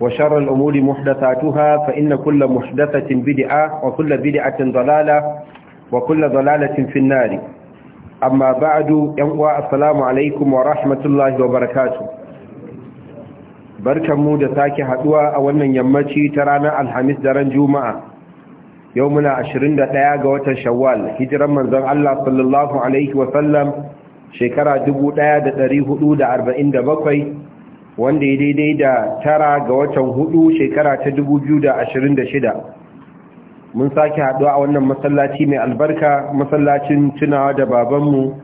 وشر الأمور محدثاتها kulla كل محدثة بدعة وكل بدعة ضلالة وكل ضلالة Amma ba'a أما بعد uwa السلام عليكم ورحمة الله وبركاته barkan mu da sake haɗuwa a wannan yammaci ta ranar alhamis daren juma'a yau muna 21 ga watan shawwal hijiran manzon Allah sallallahu alaihi wasallam shekara 1447 wanda ya daidai da tara ga watan hudu shekara ta dubu biyu da da ashirin shida, mun sake haɗuwa a wannan masallaci mai albarka masallacin tunawa da babanmu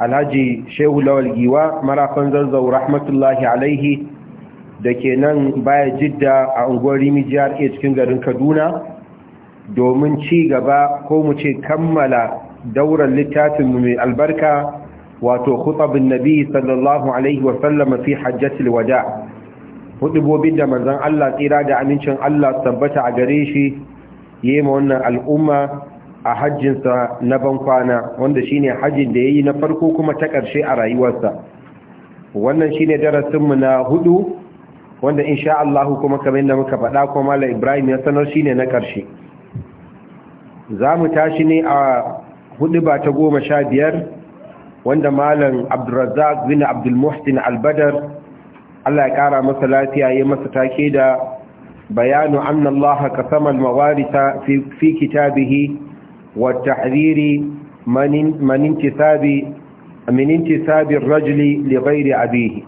alhaji shehu lawal giwa marafan zazzau rahmatullahi alaihi da ke nan baya jidda a unguwar rimi jihar a cikin garin kaduna domin ci gaba ko mu ce kammala daular littafinmu mai albarka wato khutabin nabi sallallahu alaihi wasallama fi hajjatul wada hudubobin da manzon Allah tsira da amincin Allah tabbata a gare shi yayin wannan al'umma a hajjinsa na bankwana wanda shine hajjin da yayi na farko kuma ta ƙarshe a rayuwarsa wannan shine darasin mu na hudu wanda insha Allah kuma kamar yadda muka faɗa kuma Malam Ibrahim ya sanar shine na karshe zamu tashi ne a hudu ba ta goma sha biyar wanda malam Abdulrazak bin abdulmuhsin albadar Allah ya kara masa lafiya ya masa take da bayanu anna Allah qasama al-mawarisa fi kitabihi wa tahriri man man rajuli abihi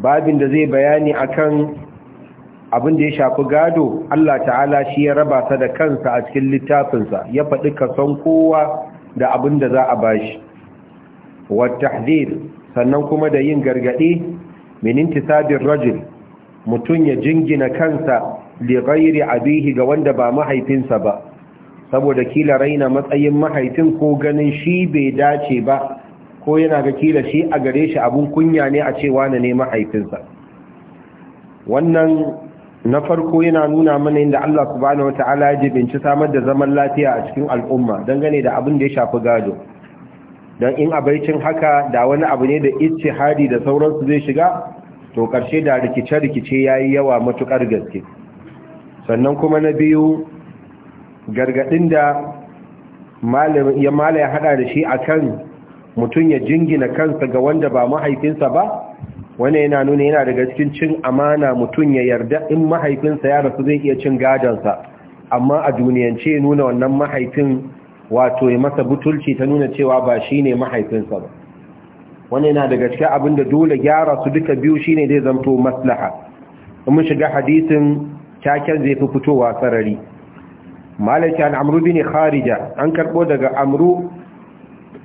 babin da zai bayani akan abin da ya shafi gado Allah ta'ala shi ya raba sa da kansa a cikin littafinsa ya faɗi kason kowa da abin da za a bashi والتحذير sannan kuma da yin gargadi min intisabir rajul mutun ya jingina kansa li ghairi bihi ga wanda ba mahaifinsa ba saboda kila raina matsayin mahaifin ko ganin shi bai dace ba ko yana ga kila shi a gare shi abun kunya ne a cewa na ne mahaifinsa wannan na farko yana nuna mana inda Allah subhanahu wataala ya jibinci samar da zaman lafiya a cikin al'umma dangane da abin da ya shafi gado don in abaicin haka da wani abu ne da hadi da sauransu zai shiga to karshe da rikice-rikice ya yi yawa matuƙar gaske sannan kuma na biyu gargaɗin da ya mala ya haɗa da shi akan mutum ya jingina kansa ga wanda ba mahaifinsa ba wani yana nuna yana daga cikin cin amana mutum ya yarda in mahaifinsa ya rasu zai iya cin gadansa amma a duniyance nuna wannan mahaifin wato ya masa butulci ta nuna cewa ba shi ne mahaifinsa ba wani yana daga cikin abin da dole gyara su duka biyu shine zai zamto maslaha mun shiga hadisin taken zai fi fitowa sarari malaki an amru bin kharija an karbo daga amru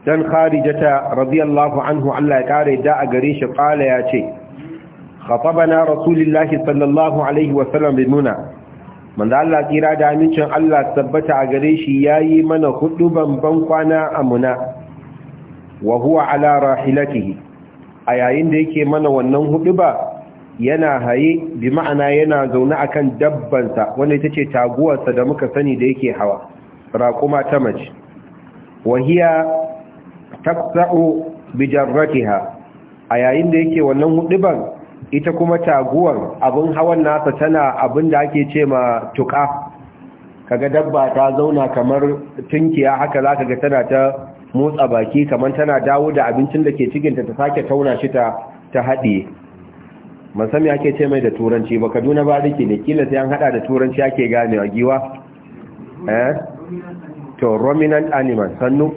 dan kharijata radiyallahu anhu Allah ya kare da a gare shi kala ya ce khatabana rasulullahi sallallahu alaihi wa sallam bi nuna. manzo Allah tsira da amincin Allah tabbata a gare shi yayi mana hudu banban kwana amuna wa huwa ala rahilatihi a da yake mana wannan hudu ba yana haye bi ma'ana yana zaune akan dabbansa wanda ita ce taguwarsa da muka sani da yake hawa raƙuma ta mace wa hiya taqsa'u bi jarratiha a da yake wannan hudu ban ita kuma taguwar abin hawan nasa tana abin da ake ce ma tuka kaga dabba ta zauna kamar tunkiya haka za ka ga tana ta motsa baki kamar tana dawo da abincin da ke cikinta ta sake tauna shi ta haɗe masami ake ce mai da turanci ba kaduna ba rike ne kila sai an haɗa da turanci ake a giwa eh to rominan animal sannu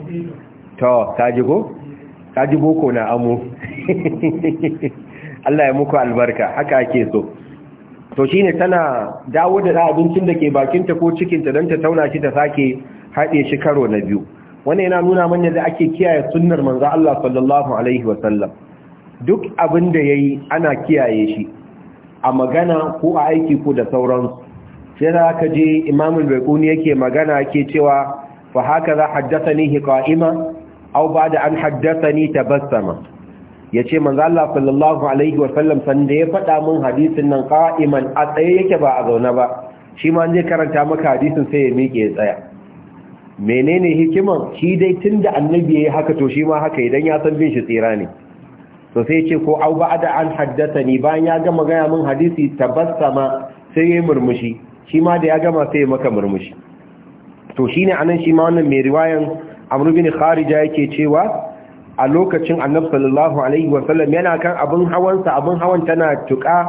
to kaji ko na amo Allah ya muku albarka haka ake so to shine tana dawo da abincin da ke bakinta ko cikinta don ta tauna shi ta sake haɗe shi karo na biyu wannan yana nuna mana da ake kiyaye sunnar manzo Allah sallallahu alaihi wasallam duk abin da yayi ana kiyaye shi a magana ko a aiki ko da sauransu sai da aka je Imam al-Baiquni yake magana yake cewa fa haka za haddathani qa'ima aw ba'da an haddathani tabassama ya ce manzo Allah sallallahu alaihi wa sallam sanda ya faɗa mun hadisin nan qa'iman a tsaye yake ba a zaune ba shi ma zai karanta maka hadisin sai ya miƙe ya tsaya menene hikiman shi dai tunda annabi yayi haka to shi ma haka idan ya san bin shi tsira ne to sai ce ko au da an ni bayan ya gama gaya mun hadisi tabassama sai ya murmushi shi ma da ya gama sai ya maka murmushi to shine anan shi ma wannan mai riwayan amru bin kharija yake cewa a lokacin annabi sallallahu alaihi wasallam yana kan abin hawansa abin hawan tana tuka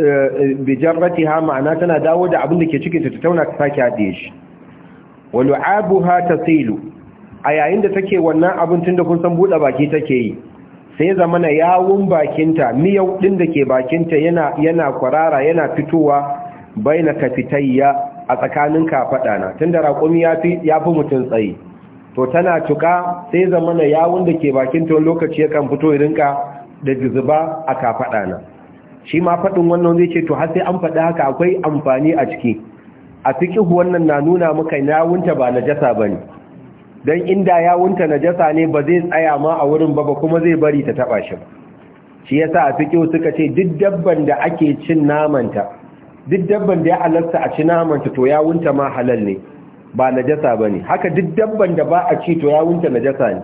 eh, ha ma'ana tana dawo da abin da ke cikin ta tauna ta sake haɗe shi wa lu'abuha tasilu a yayin da take wannan abin tunda kun san bude baki take yi sai zamana yawun bakinta miyau din da ke bakinta yana yana kwarara yana fitowa baina kafitayya a tsakanin kafadana tunda raƙumi ya fi mutun tsayi to tana tuka sai na yawun da ke bakin ta lokaci yakan fito irinka rinka da juzuba a kafaɗa na shi ma faɗin wannan zai ce to har sai an fada haka akwai amfani a ciki a fikihu wannan na nuna muka yawunta ba na jasa ba ne, don inda yawunta na jasa ne ba zai tsaya ma a wurin ba ba kuma zai bari ta taba shi ba shi sa a fikihu suka ce duk dabban da ake cin namanta duk dabban da ya alasta a ci namanta to yawunta ma halal ne ba najasa ba ne haka duk dabban da ba a ci to ya wunce najasa ne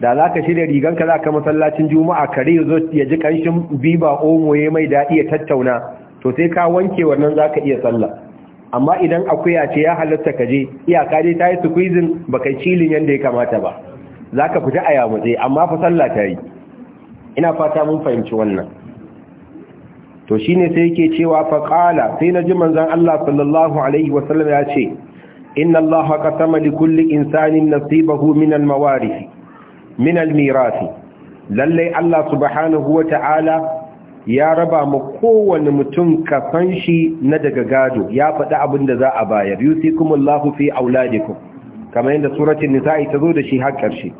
da za ka shirya riganka za ka masallacin juma'a kare ya zo ya ji ƙanshin biba omo ya mai daɗi ya tattauna to sai ka wanke wannan za ka iya sallah amma idan akuya ce ya halatta ka je iyaka dai ta yi sukuizin ba kai cilin yadda ya kamata ba za ka fita a yamutse amma fa sallah ta yi ina fata mun fahimci wannan to shine sai yake cewa faƙala sai na ji manzon Allah sallallahu alaihi wasallam ya ce إن الله قسم لكل إنسان نصيبه من الموارث من الميراث للي الله سبحانه وتعالى ya raba ma kowane mutum kafan shi na daga gado ya faɗi abin da za a bayar yusikumullahu fi auladikum kamar yadda suratul nisa'i ta zo da shi har karshe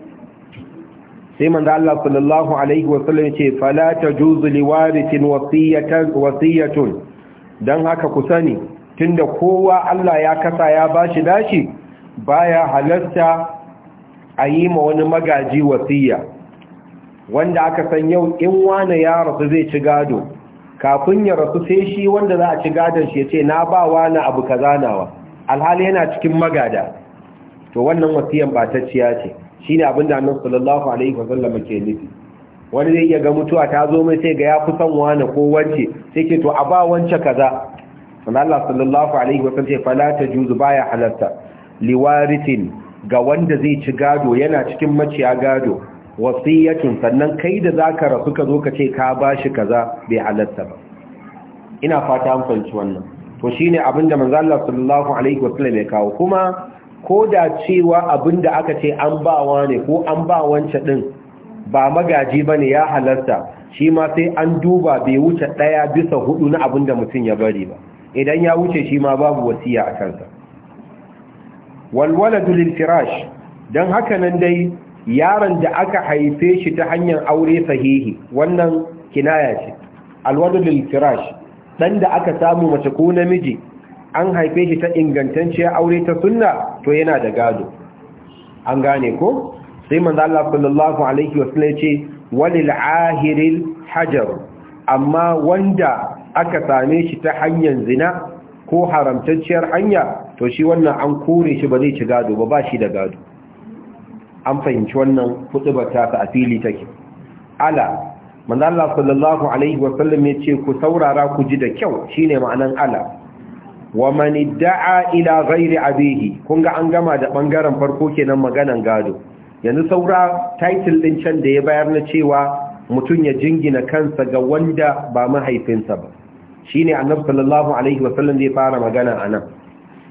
sai manzo Allah sallallahu alaihi wa sallam ce fala tajuzu liwarithin wasiyatan wasiyatun dan haka ku sani tunda kowa Allah ya kasa ya bashi dashi baya halarta a yi ma wani magaji wasiya wanda aka san yau in wane ya rasu zai ci gado kafin ya rasu sai shi wanda za a ci gadon shi ya ce na ba wani abu ka zanawa. alhali yana cikin magada to wannan wasiyan batacciya ce Shi ne abin da nan sallallahu alaihi wasallam ke nufi wani zai iya ga mutuwa ta zo mai sai ga ya fi son wane ko wance sai ke to a ba wance kaza Allah sallallahu alaihi wa sallam fala tajuzu baya halatta Liwaritin ga wanda zai ci gado yana cikin maciya gado wasiyatun sannan kai da zaka rasu ka zo ka ce ka bashi kaza bai halatta ba ina fata an fahimci wannan to shine abinda manzo Allah sallallahu alaihi wa sallam ya kawo kuma ko da cewa abinda aka ce an bawa ne ko an ba wance din ba magaji bane ya halarta shi ma sai an duba bai wuce daya bisa hudu na abinda mutum ya bari ba idan ya wuce shi ma babu wasiya a kansa walwaladu lil don haka nan dai yaron da aka haife shi ta hanyar aure sahihi wannan kinaya ce alwaladu lil dan da aka samu mace ko namiji an haife shi ta ingantacciyar aure ta sunna to yana da gado an gane ko sai manzo Allah sallallahu alaihi wasallam ce walil ahiril hajar amma wanda aka same shi ta hanyar zina ko haramtacciyar hanya to shi wannan an kore shi ba zai ci gado ba ba shi da gado an fahimci wannan kutubar ta a fili take ala manzo Allah sallallahu alaihi wa sallam ce ku saurara ku ji da kyau shine ma'anan ala wa man da'a ila ghairi abihi kun ga an gama da bangaren farko kenan maganan gado yanzu saura title din can da ya bayar na cewa mutun ya jingina kansa ga wanda ba mahaifinsa ba Shi ne annabi sallallahu alaihi wasallam zai fara magana a nan.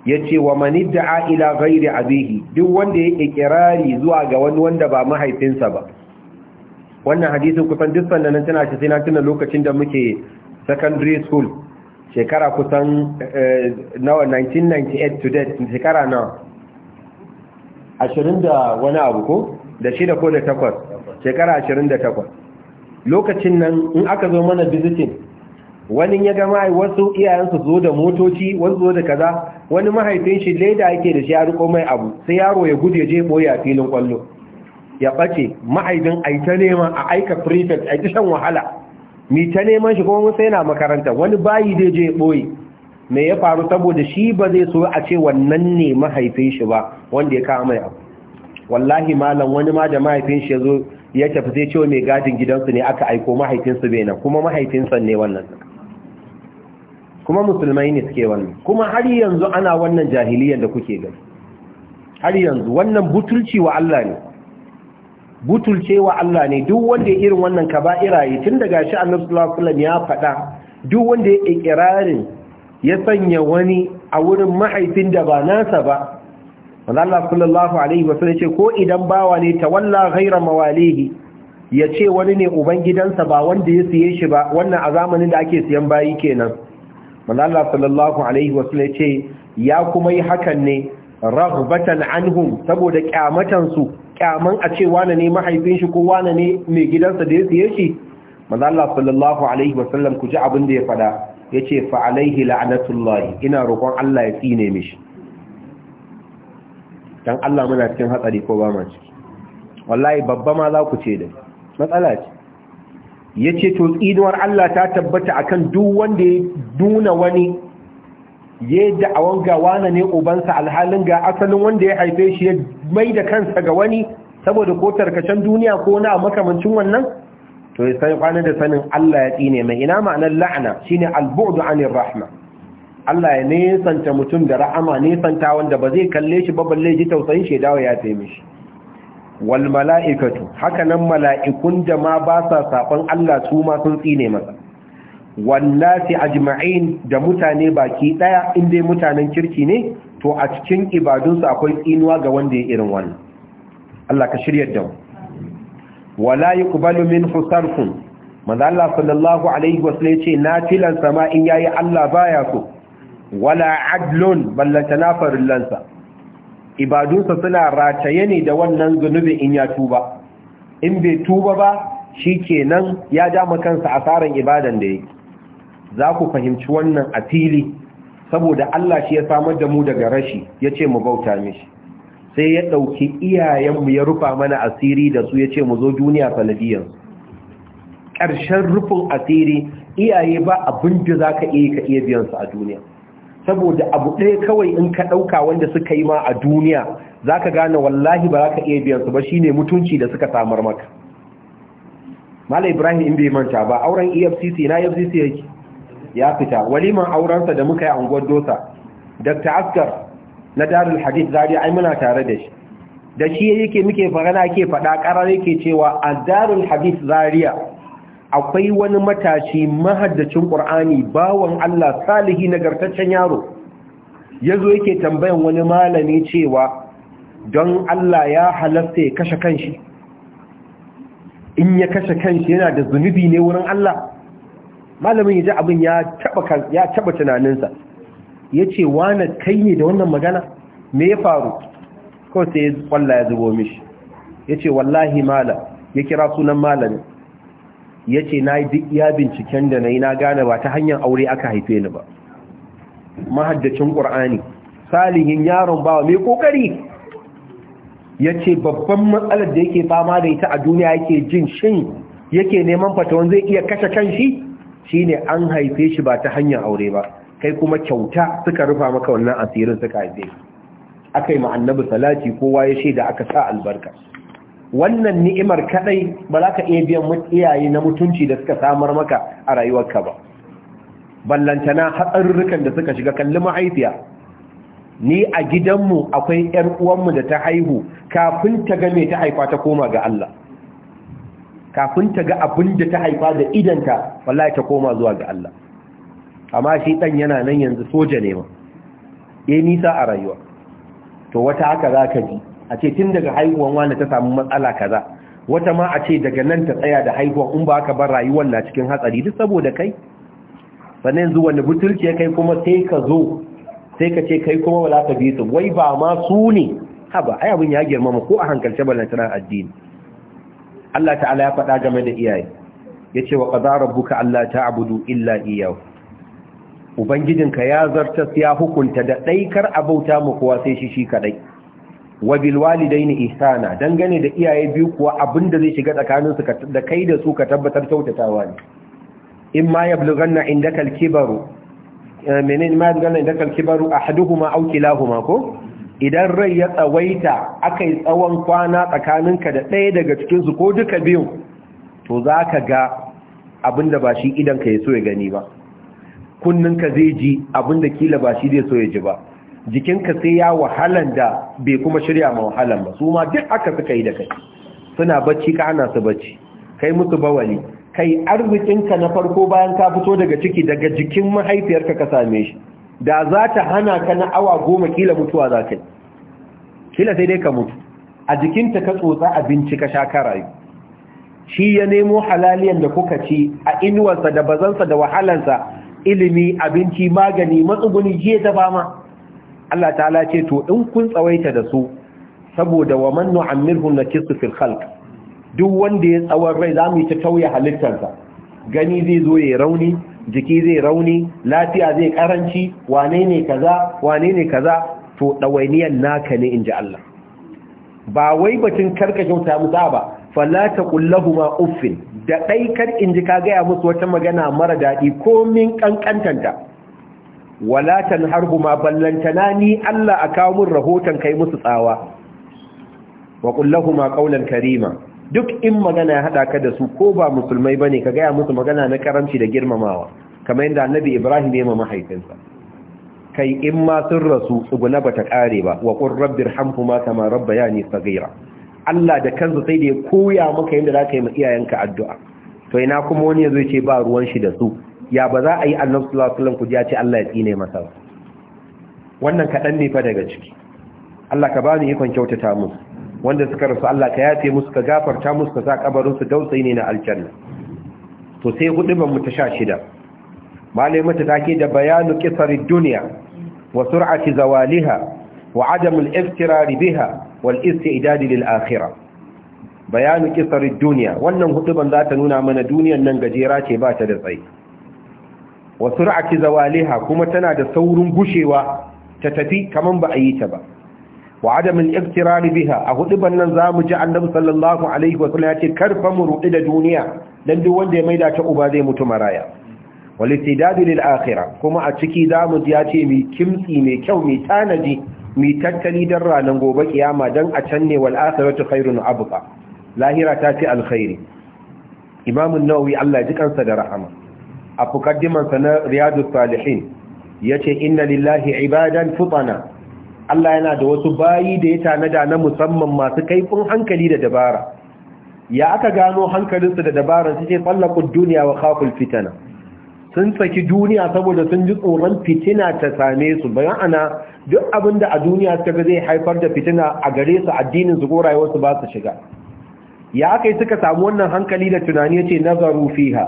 Ya ce wa man idda'a ila ghairi abihi duk wanda ya ikirari zuwa ga wani wanda ba mahaifinsa ba wannan hadisin kusan duk nan tana shi sai na tuna lokacin da muke secondary school shekara kusan eh, nawa 1998 to date shekara nawa Ashirin da wani abu ko da shida ko da takwas shekara ashirin da takwas. lokacin nan in aka zo mana visiting wani ya gama wasu iyayensu zo da motoci wani zo da kaza wani mahaifin shi leda yake da shi ya riko mai abu sai yaro ya guje je boye a filin kwallo ya bace mahaifin a ta neman a aika prefect a ta shan wahala mi ta neman shi kuma sai yana makaranta wani bayi dai je boye me ya faru saboda shi ba zai so a ce wannan ne mahaifin shi ba wanda ya kama mai abu wallahi malam wani ma da mahaifin shi ya ya tafi sai ce mai gadin gidansu ne aka aiko mahaifinsu bai na kuma mahaifinsa ne wannan kuma musulmai ne suke wannan kuma har yanzu ana wannan jahiliyyar da kuke gani har yanzu wannan butulci wa Allah ne butulce wa Allah ne duk wanda ya irin wannan kaba'ira yi tun daga shi annabi sallallahu alaihi ya faɗa duk wanda ya ikirarin ya sanya wani a wurin mahaifin da ba nasa ba wanda Allah sallallahu alaihi wasallam ce ko idan bawa ne tawalla ghaira mawalihi ya ce wani ne uban gidansa ba wanda ya siye shi ba wannan a zamanin da ake siyan bayi kenan manzo sallallahu alaihi wasu ce ya kuma yi hakan ne rahubatan anhum saboda kyamatan su kyaman a ce wane ne mahaifin shi ko wane ne mai gidansa da ya siye shi manzo sallallahu alaihi wasallam ku ji abin da ya fada ce fa alaihi la'anatullahi ina roƙon Allah ya tsine mishi dan Allah muna cikin hatsari ko ba ma ciki wallahi babba ma za ku ce da matsala ce ya ce to tsinuwar Allah ta tabbata akan duk wanda ya duna wani ya yi da'awan ga wane ne ubansa alhalin ga asalin wanda ya haife shi ya mai da kansa ga wani saboda ko tarkacen duniya ko na makamancin wannan to ya sai kwanan da sanin Allah ya tsine mai ina ma'anar la'ana shine al-bu'du anir rahma Allah ya nesanta mutum da ra'ama nesanta wanda ba zai kalle shi ba balle ji tausayin shi dawo ya taimishi wal mala'ikatu haka nan mala'ikun da ma ba sa saɓon Allah su ma sun tsine masa a ajma'in da mutane baki ɗaya inda mutanen kirki ne to a cikin ibadunsu akwai tsinuwa ga wanda ya irin wannan Allah ka shirya da wala yuqbalu min husarfun manzo Allah sallallahu alaihi wasallam yace nafilan sama in yayi Allah baya so wala adlun balla tanafarul lansa ibadunsa suna rataye ne da wannan zunubin in ya tuba in bai tuba ba shi kenan ya dama kansa asaran ibadan da yake za ku fahimci wannan a fili saboda Allah shi ya samar da mu daga rashi ya ce mu bauta mishi sai ya ɗauki iyayenmu ya rufa mana asiri da su ya ce mu zo duniya sanadiyansu ƙarshen rufin asiri iyaye ba abin da za ka iya ka iya biyansu a duniya saboda abu ɗaya kawai in ka ɗauka wanda suka yi ma a duniya za ka gane wallahi ba za ka iya biyansu ba shine mutunci da suka samar maka mala ibrahim in bai manta ba auren efcc na efcc yake ya fita waliman aurensa da muka yi a unguwar dosa dr askar na darul hadith zari ai muna tare da shi da shi yake muke fagana ke faɗa ƙarar yake cewa a darul hadith zariya akwai wani matashi mahaddacin ƙur'ani bawon Allah salihi nagartaccen yaro ya zo yake tambayan wani malami cewa don Allah ya halasta ya kashe kanshi in ya kashe kanshi yana da zunubi ne wurin Allah malamin ya ji abin ya taba tunaninsa ya ce wane kai ne da wannan magana me ya faru kawai sai ya kwalla ya zubo mishi ya ce wallahi malam ya kira sunan malamin ya ce na yi duk ya binciken da na yi na gane ba ta hanyar aure aka haife ni ba mahaddacin ƙur'ani salihin yaron bawa mai ƙoƙari ya ce babban matsalar da yake fama da ita a duniya yake jin shin yake neman fatawan zai iya kashe kan shi ne an haife shi ba ta hanyar aure ba kai kuma kyauta suka rufa maka wannan asirin suka haife aka yi ma'annabi salati kowa ya shaida aka sa albarka wannan ni'imar kadai ba za ka iya biyan iyaye na mutunci da suka samar maka a rayuwarka ba ballantana hatsarurrukan da suka shiga kalli mahaifiya ni a gidanmu akwai yar uwanmu da ta haihu kafin ta ga me ta haifa ta koma ga Allah kafin ta ga abin da ta haifa da idanta wallahi ta koma zuwa ga Allah amma shi dan yana nan yanzu soja ne ma eh nisa a rayuwa to wata haka zaka ji a ce tun daga haihuwan wani ta samu matsala kaza wata ma a ce daga nan ta tsaya da haihuwa in ba ka bar rayuwar na cikin hatsari duk saboda kai sannan yanzu wanda butulci kai kuma sai ka zo sai ka ce kai kuma wala ka bi su wai ba ma su ne haba ai abin ya girmama ko a hankalce tana addini Allah ta'ala ya faɗa game da iyaye yace wa qadara rabbuka alla ta'budu illa Ubangijin ubangijinka ya zartas ya hukunta da daikar abauta mu kowa sai shi shi kaɗai. wa bil walidaini ihsana dangane da iyaye biyu kuwa abinda zai shiga tsakaninsu da kai da su ka tabbatar kyautatawa ne in ma yablughanna indaka al-kibaru eh, menene ma yablughanna indaka al-kibaru ahaduhuma aw kilahuma ko idan rai ya tsawaita akai tsawon kwana tsakanin ka da ɗaya daga cikin su ko duka biyu to zaka ga abinda ba shi idan ka yaso ya gani ba ka zai ji abinda kila ba shi zai so ya ji ba jikinka sai ya wahalan da bai kuma shirya ma wahalan ba su ma duk aka suka yi da kai suna bacci ka hana su bacci kai musu bawali kai ka na farko bayan ka fito daga ciki daga jikin mahaifiyarka ka same shi da za ta hana ka na awa goma kila mutuwa za ka yi kila sai dai ka mutu a jikinta ka tsotsa abinci ka sha ka shi ya nemo halaliyan da kuka ci a inuwarsa da bazansa da wahalansa ilimi abinci magani matsuguni jiya ta fama Allah ta'ala ce to in kun tsawaita da su saboda wa man nu'ammirhu nakisu fil khalq duk wanda ya tsawon rai zamu yi ta tauye halittarsa gani zai zo ya rauni jiki zai rauni lafiya zai karanci wane ne kaza wane ne kaza to dawainiyan naka ne inji Allah ba wai batun karka kyauta musu ba fala ƙullahu ma uffin da dai kar inji ka ga ya musu wata magana mara dadi komin kankantanta wala ma ballantana ni Allah a kawo mun rahoton kai musu tsawa wa qul lahum qawlan karima duk in magana ya hada ka da su ko ba musulmai bane ka gaya musu magana na karamci da girmamawa kamar yadda annabi Ibrahim ya ma mahaifinsa kai in ma sun rasu tsuguna bata kare ba wa qur rabbirhamhuma kama rabbayani saghira Allah da kansa sai da ya koya maka yadda zaka yi ma iyayenka addu'a to ina kuma wani yazo zo ce ba ruwan shi da su ya ba za a yi annabi sallallahu alaihi wasallam ku ce Allah ya tsine masa wannan kaɗan ne fa daga ciki Allah ka bani ikon kyautata mu wanda suka rasu Allah ka yafe musu ka gafarta musu ka sa kabarin su dausayi ne na aljanna to sai hudubar mu ta sha shida. malai mata take da bayanu qisarid dunya wa sur'ati zawaliha wa adam al-iftirar biha wal istidad lil akhirah bayanu qisarid dunya wannan hudubar za ta nuna mana duniyar nan gajera ce ba ta da tsayi wa sur'ati zawaliha kuma tana da saurin gushewa ta tafi kaman ba a yi ta ba wa adamin iktirari biha a hudu bannan za mu ji annabi sallallahu alaihi wa sallam ya ce karfa mu ruɗu da duniya dan duk wanda ya maida ta uba zai mutu maraya wal istidadu lil akhirah kuma a ciki za mu ji yace ce mi kimtsi mai kyau mai tanaji mi tattali dan ranan gobe kiyama dan a can ne wal akhiratu khairun abqa lahira ta ce alkhairi imam an-nawawi Allah ya ji kansa da rahama a sa na riyadu salihin ya ce inna lillahi ibadan futana Allah yana da wasu bayi da ya tanada na musamman masu kaifin hankali da dabara ya aka gano hankalinsu da dabara su ce tsallakun duniya wa khaful fitana sun saki duniya saboda sun ji tsoron fitina ta same su bayan ana duk abin da a duniya suka ga zai haifar da fitina a gare su addinin su ko rayuwarsu ba su shiga ya aka suka samu wannan hankali da tunani ya ce nazaru fiha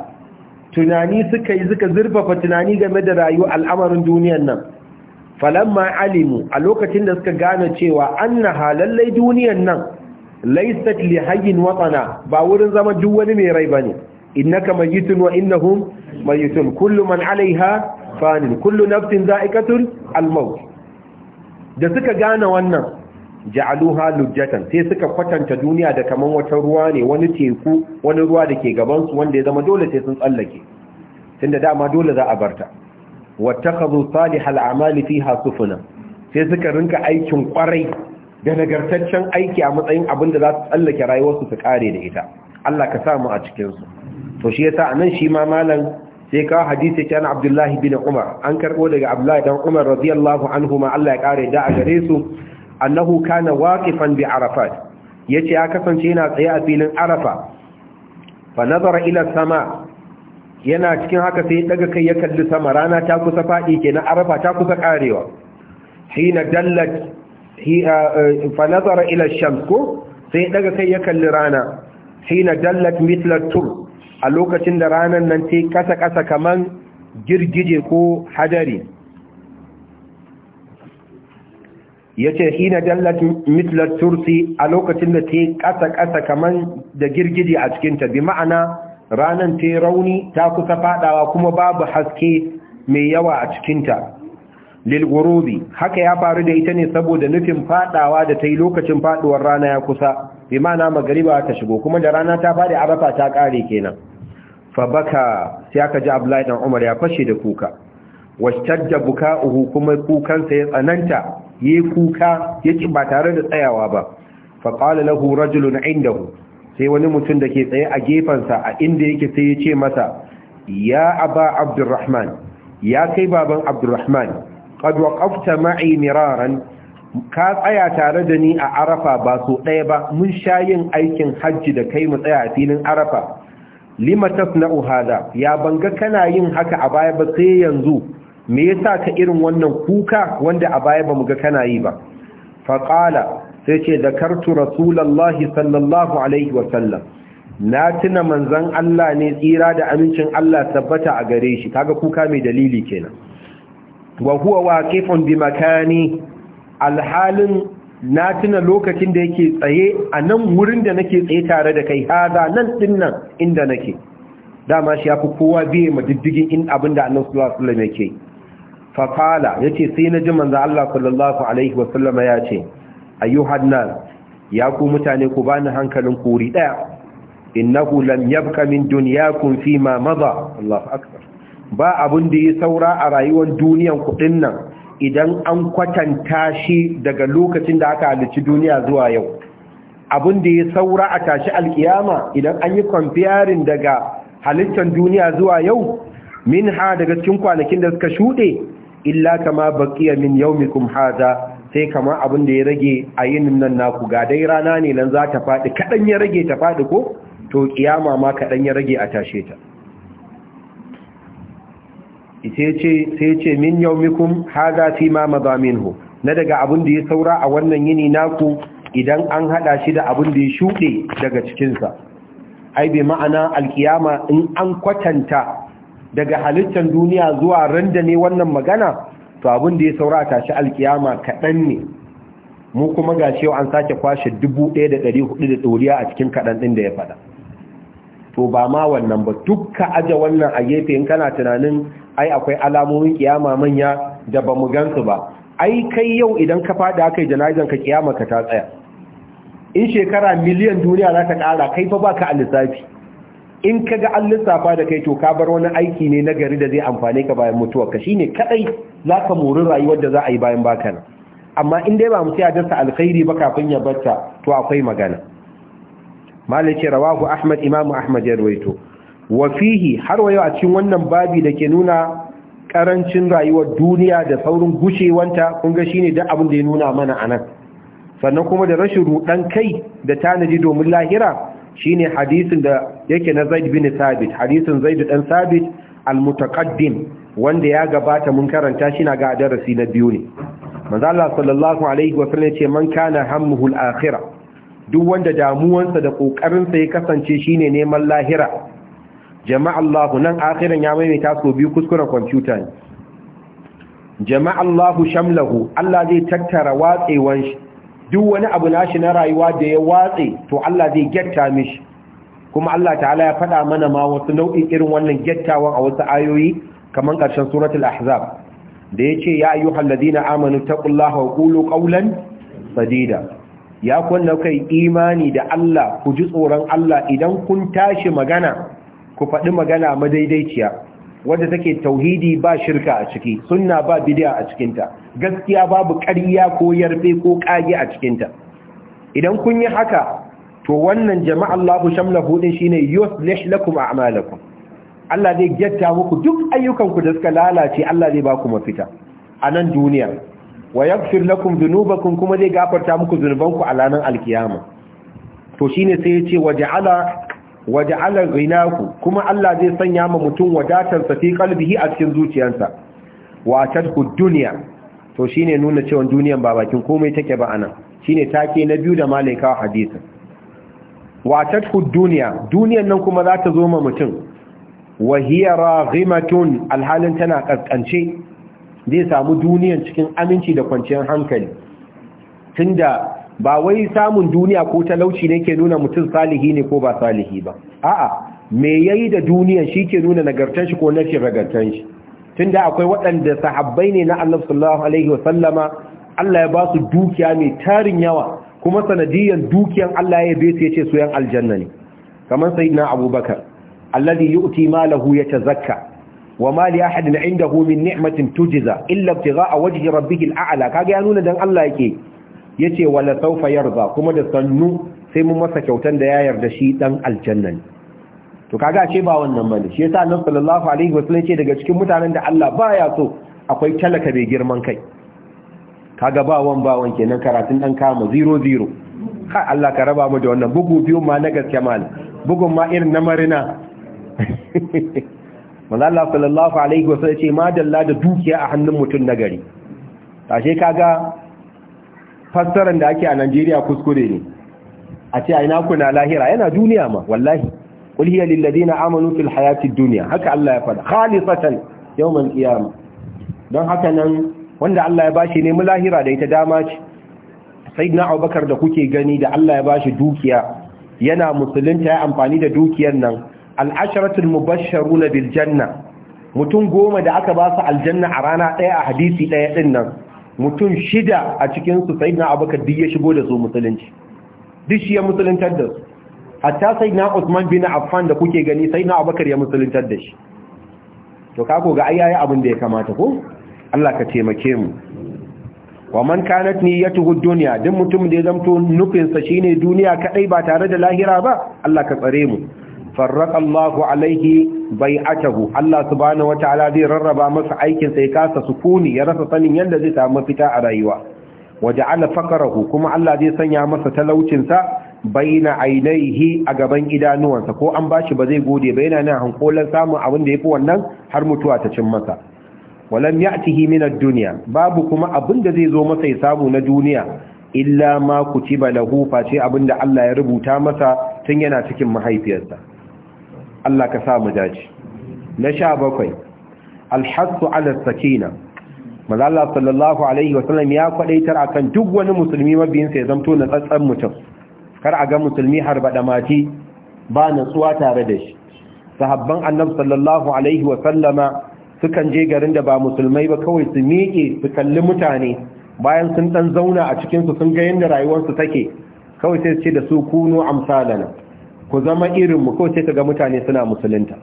tunani suka yi suka zurfafa tunani game da rayu al'amarin duniyar nan falamma alimu a lokacin da suka gane cewa annaha lallai duniyan nan laysat li hayyin watana ba wurin zama duk wani mai rai bane innaka mayitun wa innahum mayitun kullu man alaiha fanin kullu nafsin za'iqatul al-maut da suka gane wannan ja'aluha lujjatan sai suka kwatanta duniya da kaman wata ruwa ne wani teku wani ruwa da ke gaban su wanda ya zama dole sai sun tsallake tunda dama dole za a barta wattakhadhu salihal a'mali fiha sufuna sai suka rinka aikin kwarai da nagartaccen aiki a matsayin abin da za su tsallake rayuwarsu su kare da ita Allah ka samu a cikin su to shi yasa anan shi ma malam sai kawo hadisi kan na abdullahi bin umar an karɓo daga abdullahi dan umar radiyallahu anhu ma Allah ya kare da a gare su annahu kana waqifan bi arafat yace ya kasance yana tsaye a filin arafa fa nazara ila sama yana cikin haka sai daga kai ya kalli sama rana ta kusa fadi kenan arafa ta kusa karewa hina dallat fa nazara ila shams ko sai daga kai ya kalli rana hina dallat mithla tur a lokacin da ranan nan ta kasa kasa kaman girgije ko hadari Ya ce hina dallat mitlar tursi a lokacin da ta kasa kasa kamar da girgije a cikinta, bi ma'ana ranar ta rauni ta kusa faɗawa kuma babu haske mai yawa a cikinta. ta lil haka ya faru da ita ne saboda nufin faɗawa da ta yi lokacin faɗuwar rana ya kusa bi ma'ana magariba ta shigo kuma da rana ta fadi arafa ta kare kenan fabaka sai aka ji abu Umar ya fashe da kuka buka buka'uhu kuma kukansa ya tsananta yayi kuka yake ba tare da tsayawa ba fa qala lahu rajulun indahu sai wani mutum da ke tsaye a gefansa a inda yake sai ya ce masa ya aba abdurrahman ya kai baban abdurrahman qad waqafta ma'i miraran ka tsaya tare da ni a arafa ba so ɗaya ba mun sha yin aikin hajji da kai mu tsaya a filin arafa lima na hada ya banga kana yin haka a baya ba sai yanzu me yasa ka irin wannan kuka wanda a baya bamu ga kana yi ba qala sai ce zakartu rasulullahi sallallahu alaihi wa sallam na tuna manzon Allah ne tsira da amincin Allah tabbata a gare shi kaga kuka mai dalili kenan wa huwa waqifun bi makani alhalin na tuna lokacin da yake tsaye a nan wurin da nake tsaye tare da kai haza nan dinnan inda nake dama shi fi kowa biye ma diddigin in abin da annabi sallallahu alaihi wasallam yake faƙala ya ce sai na ji manza Allah sallallahu Alaihi wasallama ya ce ayyuhan ya ku mutane ku bani hankalin kuri ɗaya innahu lam yabka min duniya kun fi ma maza. Allahu akbar ba abun da ya saura a rayuwar duniyan kuɗin nan idan an kwatanta shi daga lokacin da aka halici duniya zuwa yau abun da ya saura a tashi alkiyama idan an yi kwamfiyarin daga halittar duniya zuwa yau minha daga cikin kwanakin da suka shuɗe illa kama baqiya min yawmikum hada sai kama abin da ya rage a yinin nan naku ga dai rana ne nan za ta faɗi kaɗan ya rage ta faɗi ko to kiyama ma kaɗan ya rage a tashe ta sai ce min yawmikum haza fi ma mazaminhu na daga abin da ya saura a wannan yini naku idan an hada shi da abin da ya shuɗe daga cikinsa ai bi ma'ana alkiyama in an kwatanta daga halittar duniya zuwa randa ne wannan magana to abin da ya saura tashi alkiyama kaɗan ne mu kuma ga shi an sake kwashe 1400 da ɗoriya a cikin kaɗan ɗin da ya faɗa to ba ma wannan ba dukka aje wannan a gefe in kana tunanin ai akwai alamomin kiyama manya da ba mu gansu ba ai kai yau idan ka faɗi aka yi jana'izan ka kiyama ka ta tsaya in shekara miliyan duniya za ta ƙara kai fa baka a lissafi in ka ga an lissafa da kai to ka bar wani aiki ne na gari da zai amfane ka bayan mutuwa ka shine kadai za ka mori rayuwar da za a yi bayan baka nan amma in dai ba mu ya dasa alkhairi ba kafin ya barta to akwai magana ce rawahu ahmad imamu ahmad ya rawaito wa fihi har wayo a cikin wannan babi da ke nuna karancin rayuwar duniya da saurin gushewanta kun ga shine duk abin da ya nuna mana anan sannan kuma da rashin rudan kai da tanaji domin lahira shine hadisin da yake na Zaid bin Thabit hadisin Zaid dan Thabit al-mutaqaddim wanda ya gabata mun karanta shi na ga darasi na biyu ne manzo Allah sallallahu alaihi wa sallam ce man kana hammuhu al-akhirah duk wanda damuwansa da kokarin ya kasance shine neman lahira jama'a Allah nan akhiran ya mai maimaita so biyu kuskuren kwamfuta ne jama'a Allah shamlahu Allah zai tattara watsewan shi duk wani abu na shi na rayuwa da ya watse to Allah zai getta mishi kuma Allah ta'ala ya faɗa mana ma wasu nau'in irin wannan gettawan a wasu ayoyi kamar ƙarshen suratul ahzab da yace ya ayyuhal ladina amanu taqullaha wa qulu qawlan sadida ya kunna kai imani da Allah ku ji tsoron Allah idan kun tashi magana ku faɗi magana madaidaiciya wadda take tauhidi ba shirka a ciki sunna ba bid'a a cikinta gaskiya babu ƙarya ko yarbe ko kage a cikinta idan kun yi haka to wannan jama'a Allahu shamla hudin shine yuslih lakum a'malakum Allah zai gyatta muku duk ayyukanku da suka lalace Allah zai ba ku mafita a nan duniya wa yaghfir lakum dhunubakum kuma zai gafarta muku zunubanku a ranar alkiyama to shine sai ya ce waja'ala waja'ala rinaku kuma Allah zai sanya ma mutum wadatarsa fi qalbihi a cikin zuciyarsa wa tadku dunya to shine nuna cewa duniyan ba bakin komai take ba anan shine take na biyu da malaika hadisin wa tadku dunya duniyan nan kuma za ta zo ma mutum wa hiya alhalin tana kaskance zai samu duniyan cikin aminci da kwanciyar hankali tunda ba wai samun duniya ko talauci ne ke nuna mutum salihi ne ko ba salihi ba a'a me yayi da duniya shi ke nuna nagartan shi ko nashi ragartan shi tunda akwai waɗanda sahabbai ne na Allah sallallahu alaihi wa sallama Allah ya ba su dukiya mai tarin yawa kuma sanadiyan dukiyan Allah ya bai ya ce su yan aljanna ne kamar sayyidina Abubakar alladhi yu'ti malahu yatazakka wa ma li ahadin indahu min ni'matin tujza illa ibtigha'a wajhi rabbihil ala kaga ya nuna dan Allah yake yace wala saufa yarda kuma da sannu sai mun masa kyautan da ya yarda shi dan aljanna ne to kaga ce ba wannan bane shi yasa annabi sallallahu alaihi wasallam ce daga cikin mutanen da Allah baya so akwai talaka bai girman kai kaga ba wan ba wan kenan karatun dan kama 00 ha Allah ka raba mu da wannan bugu biyu ma na gaskiya mal bugun ma irin na marina manzo Allah sallallahu alaihi wasallam ce ma dalla da dukiya a hannun mutun nagari tashe kaga fassaran da ake a Najeriya kuskure ne a ce ku kuna lahira yana duniya ma wallahi qul hiya lil ladina amanu fil hayatid dunya haka Allah ya faɗa khalisatan yawmal qiyamah don haka nan wanda Allah ya bashi ne mu lahira da ita dama ce sayyidina Abubakar da kuke gani da Allah ya bashi dukiya yana musulunta ya amfani da dukiyar nan al-asharatul mubashsharuna bil janna mutum goma da aka ba su aljanna a rana ɗaya a hadisi ɗaya ɗin nan mutum shida a cikin su na abubakar duk ya shigo da su musulunci duk shi ya musuluntar da su hatta na Usman bin Affan da kuke gani sai na Abubakar ya musuluntar da shi to ka ga ayaye abin da ya kamata ko Allah ka taimake mu wa man kanat niyyatuhu dunya din mutum da ya zamto nufinsa shine duniya kadai ba tare da lahira ba Allah ka tsare mu farraka Allahu alaihi bai'atahu Allah subhanahu wataala zai rarraba masa aikin sai kasa sukuni ya rasa sanin yanda zai samu fita a rayuwa waja'ala faqarahu kuma Allah zai sanya masa talaucin sa baina ainihi a gaban idanuwansa ko an bashi ba zai gode ba yana nan hankolan samun abin da yafi wannan har mutuwa ta cin masa walam ya'tihi min ad-dunya babu kuma abin da zai zo masa ya samu na duniya illa ma kutiba lahu face abin da Allah ya rubuta masa tun yana cikin mahaifiyarsa Allah ka sa mu na sha bakwai alhassu ala sakina Allah sallallahu alaihi wasallam ya kwadaitar akan duk wani musulmi mabiyinsa ya zamto na tsatsan mutum kar a ga musulmi har bada mati ba natsuwa tare da shi sahabban annabi sallallahu alaihi wasallama sukan je garin da ba musulmai ba kawai su miƙe su kalli mutane bayan sun dan zauna a cikin sun ga yadda rayuwarsu take kawai sai su ce da su kunu amsalana ku zama irin mu kawai sai kaga mutane suna musulunta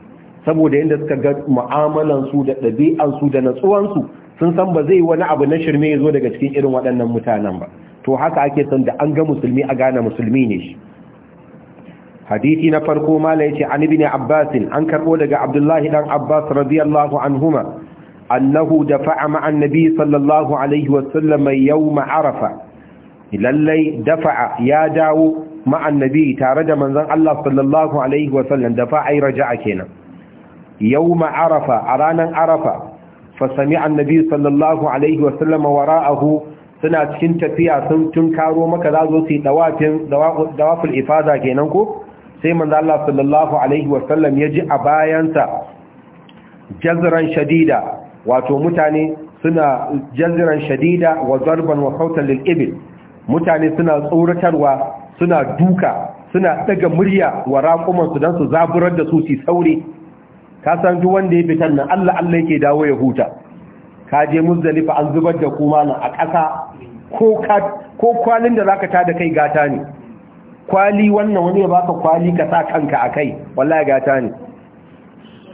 saboda yadda suka ga mu'amalan su da ɗabi'an su da natsuwansu, sun san ba zai wani abu na shirme ya zo daga cikin irin waɗannan mutanen ba to haka ake san da an ga musulmi a gane musulmi ne shi hadisi na farko mala yace an ibn abbas an karbo daga abdullahi dan abbas radiyallahu anhuma annahu dafa'a ma'a annabi sallallahu alaihi wa sallam yawm arafa lallai dafa'a ya dawo ma'an nabi tare da manzan Allah sallallahu alaihi wasallam da fa ai raja'a kenan Yau ma'arafa, a ranar arafa fa sami annabi sallallahu alaihi wasallam wara'ahu suna cikin tafiya sun tun karo maka za zo su yi dawafin dawaful ifada kenan ko sai manzo Allah sallallahu alaihi wasallam ya ji a bayansa Jazirar shadida wato mutane suna Jazirar shadida wa zarban wa sautan lil mutane suna tsoratarwa suna duka suna daga murya wa raƙumansu don su zaburar da su su saure ka san duk wanda ya fitar nan Allah Allah yake dawo ya huta ka je muzdalifa an zubar da kuma nan a ƙasa ko kwalin da zaka ta da kai gata ne kwali wannan wani ya baka kwali ka sa kanka a kai wallahi gata ne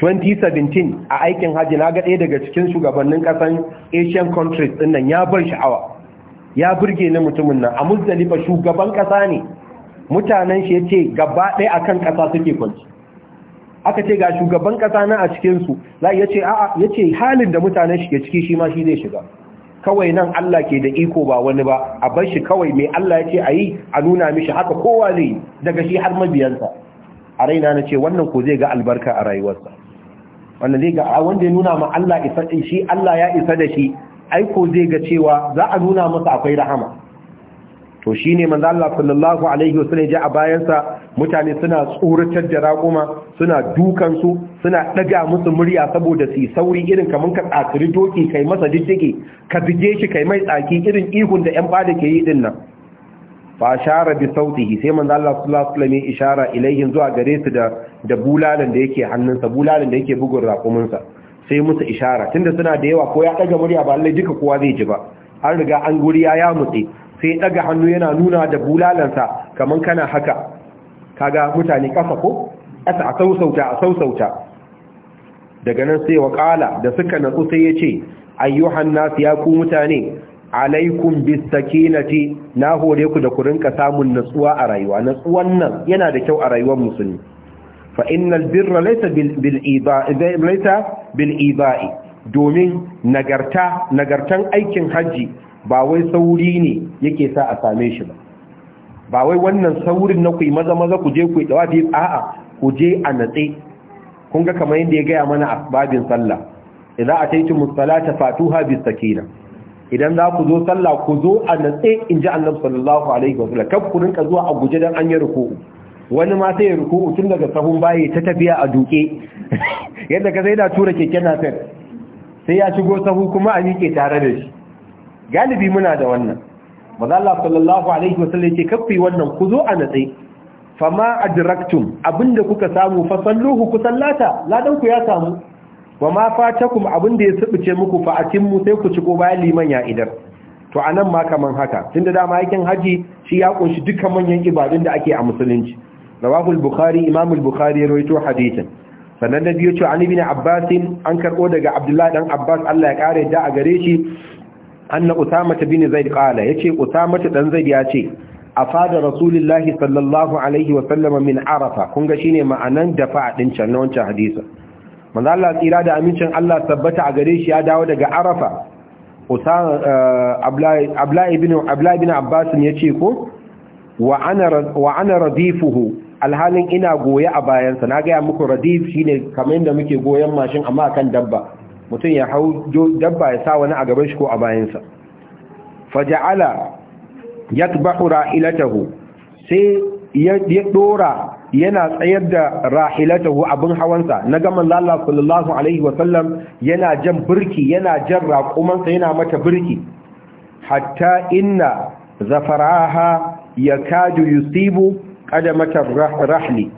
2017 a aikin hajji na ga ɗaya daga cikin shugabannin ƙasan asian countries ɗin ya bar sha'awa ya burge ni mutumin nan a muzdalifa shugaban kasa ne mutanen shi yace gaba ɗaya akan kasa suke kwanci aka ce ga shugaban kasa na a cikin su a yace a'a yace halin da mutanen shi ke ciki shi ma shi zai shiga kawai nan Allah ke da iko ba wani ba a bar shi kawai mai Allah ya ce a yi a nuna mishi haka kowa ne daga shi har mabiyansa a raina na ce wannan ko zai ga albarka a rayuwarsa Wannan zai ga wanda ya nuna ma Allah isa shi Allah ya isa da shi aiko zai ga cewa za a nuna masa akwai rahama to shine manzo Allah sallallahu alaihi wasallam ya a bayansa mutane suna tsoratar da raƙuma suna dukansu, suna daga musu murya saboda su sauri irin kaman ka tsakiri doki kai masa diddige ka bige shi kai mai tsaki irin ihun da 'yan bada ke yi din nan fa shara bi sautihi sai manzo Allah sallallahu alaihi wasallam ishara ilaihin zuwa gare su da da bulalan da yake hannunsa bulalan da yake bugun raƙuminsa sai musu ishara tunda suna da yawa ko ya daga murya ba lallai duka kowa zai ji ba an riga an guriya ya mutse sai daga hannu yana nuna da bulalansa kaman kana haka kaga mutane kafa ko asa a sausauta a sausauta daga nan sai waƙala da suka natsu sai ya ce ayyuhan nas ya ku mutane alaikum bisakinati na hore ku da ku rinka samun natsuwa a rayuwa natsuwan nan yana da kyau a rayuwar musulmi fa innal birra laysa bil iba'i laysa bil iba'i domin nagarta nagartan aikin haji ba wai sauri ne yake sa a same shi ba ba wai wannan saurin na ku yi maza maza ku je ku yi dawa a'a ku je a natse kun ga kamar yadda ya gaya mana a babin sallah idan a taitu musallata fatuha bis sakina idan za ku zo sallah ku zo a natse in annabi sallallahu alaihi wasallam ku rinka zuwa a guje dan an yi ruku'u wani ma sai ya ruku'u tun daga sahun bayi ta tafiya a duke yadda ka sai na tura keke na sai ya shigo sahu kuma a miƙe tare da shi galibi muna da wannan maza Allah sallallahu alaihi wasallam yake kafi wannan ku zo a natsai ma adraktum abinda kuka samu fa salluhu ku sallata ladan ku ya samu wa ma fatakum abinda ya subuce muku fa atimmu sai ku ciko bayan liman ya idar to anan ma kaman haka tunda dama yakin haji shi ya kunshi dukkan manyan ibadun da ake a musulunci rawahul bukhari imamul bukhari ya rawaito hadisin sannan da biyu cewa an ibn abbas an karbo daga abdullahi dan abbas Allah ya kare da a gare shi anna usama bin zaid qala yace usama dan zaid ya ce afada rasulullahi sallallahu alaihi wa sallama min arafa kun ga shine ma'anan dafa din can wancan hadisi manzo Allah tsira da amincin Allah tabbata a gare ya dawo daga arafa usama eh, abla ibn abla ibn abbas yace ko wa ana wa alhalin ina goye a bayansa na gaya muku radif shine kamar yadda muke goyen mashin amma akan dabba mutum ya hau dabba ya sa wani a gaban shi ko a bayansa faja'ala yatbahu ra'ilatahu sai ya dora yana tsayar da rahilatahu abin hawansa na gaman Allah sallallahu alaihi wasallam yana jan birki yana jan raƙumansa yana mata birki hatta inna zafaraha yakadu yusibu kadamatar rahli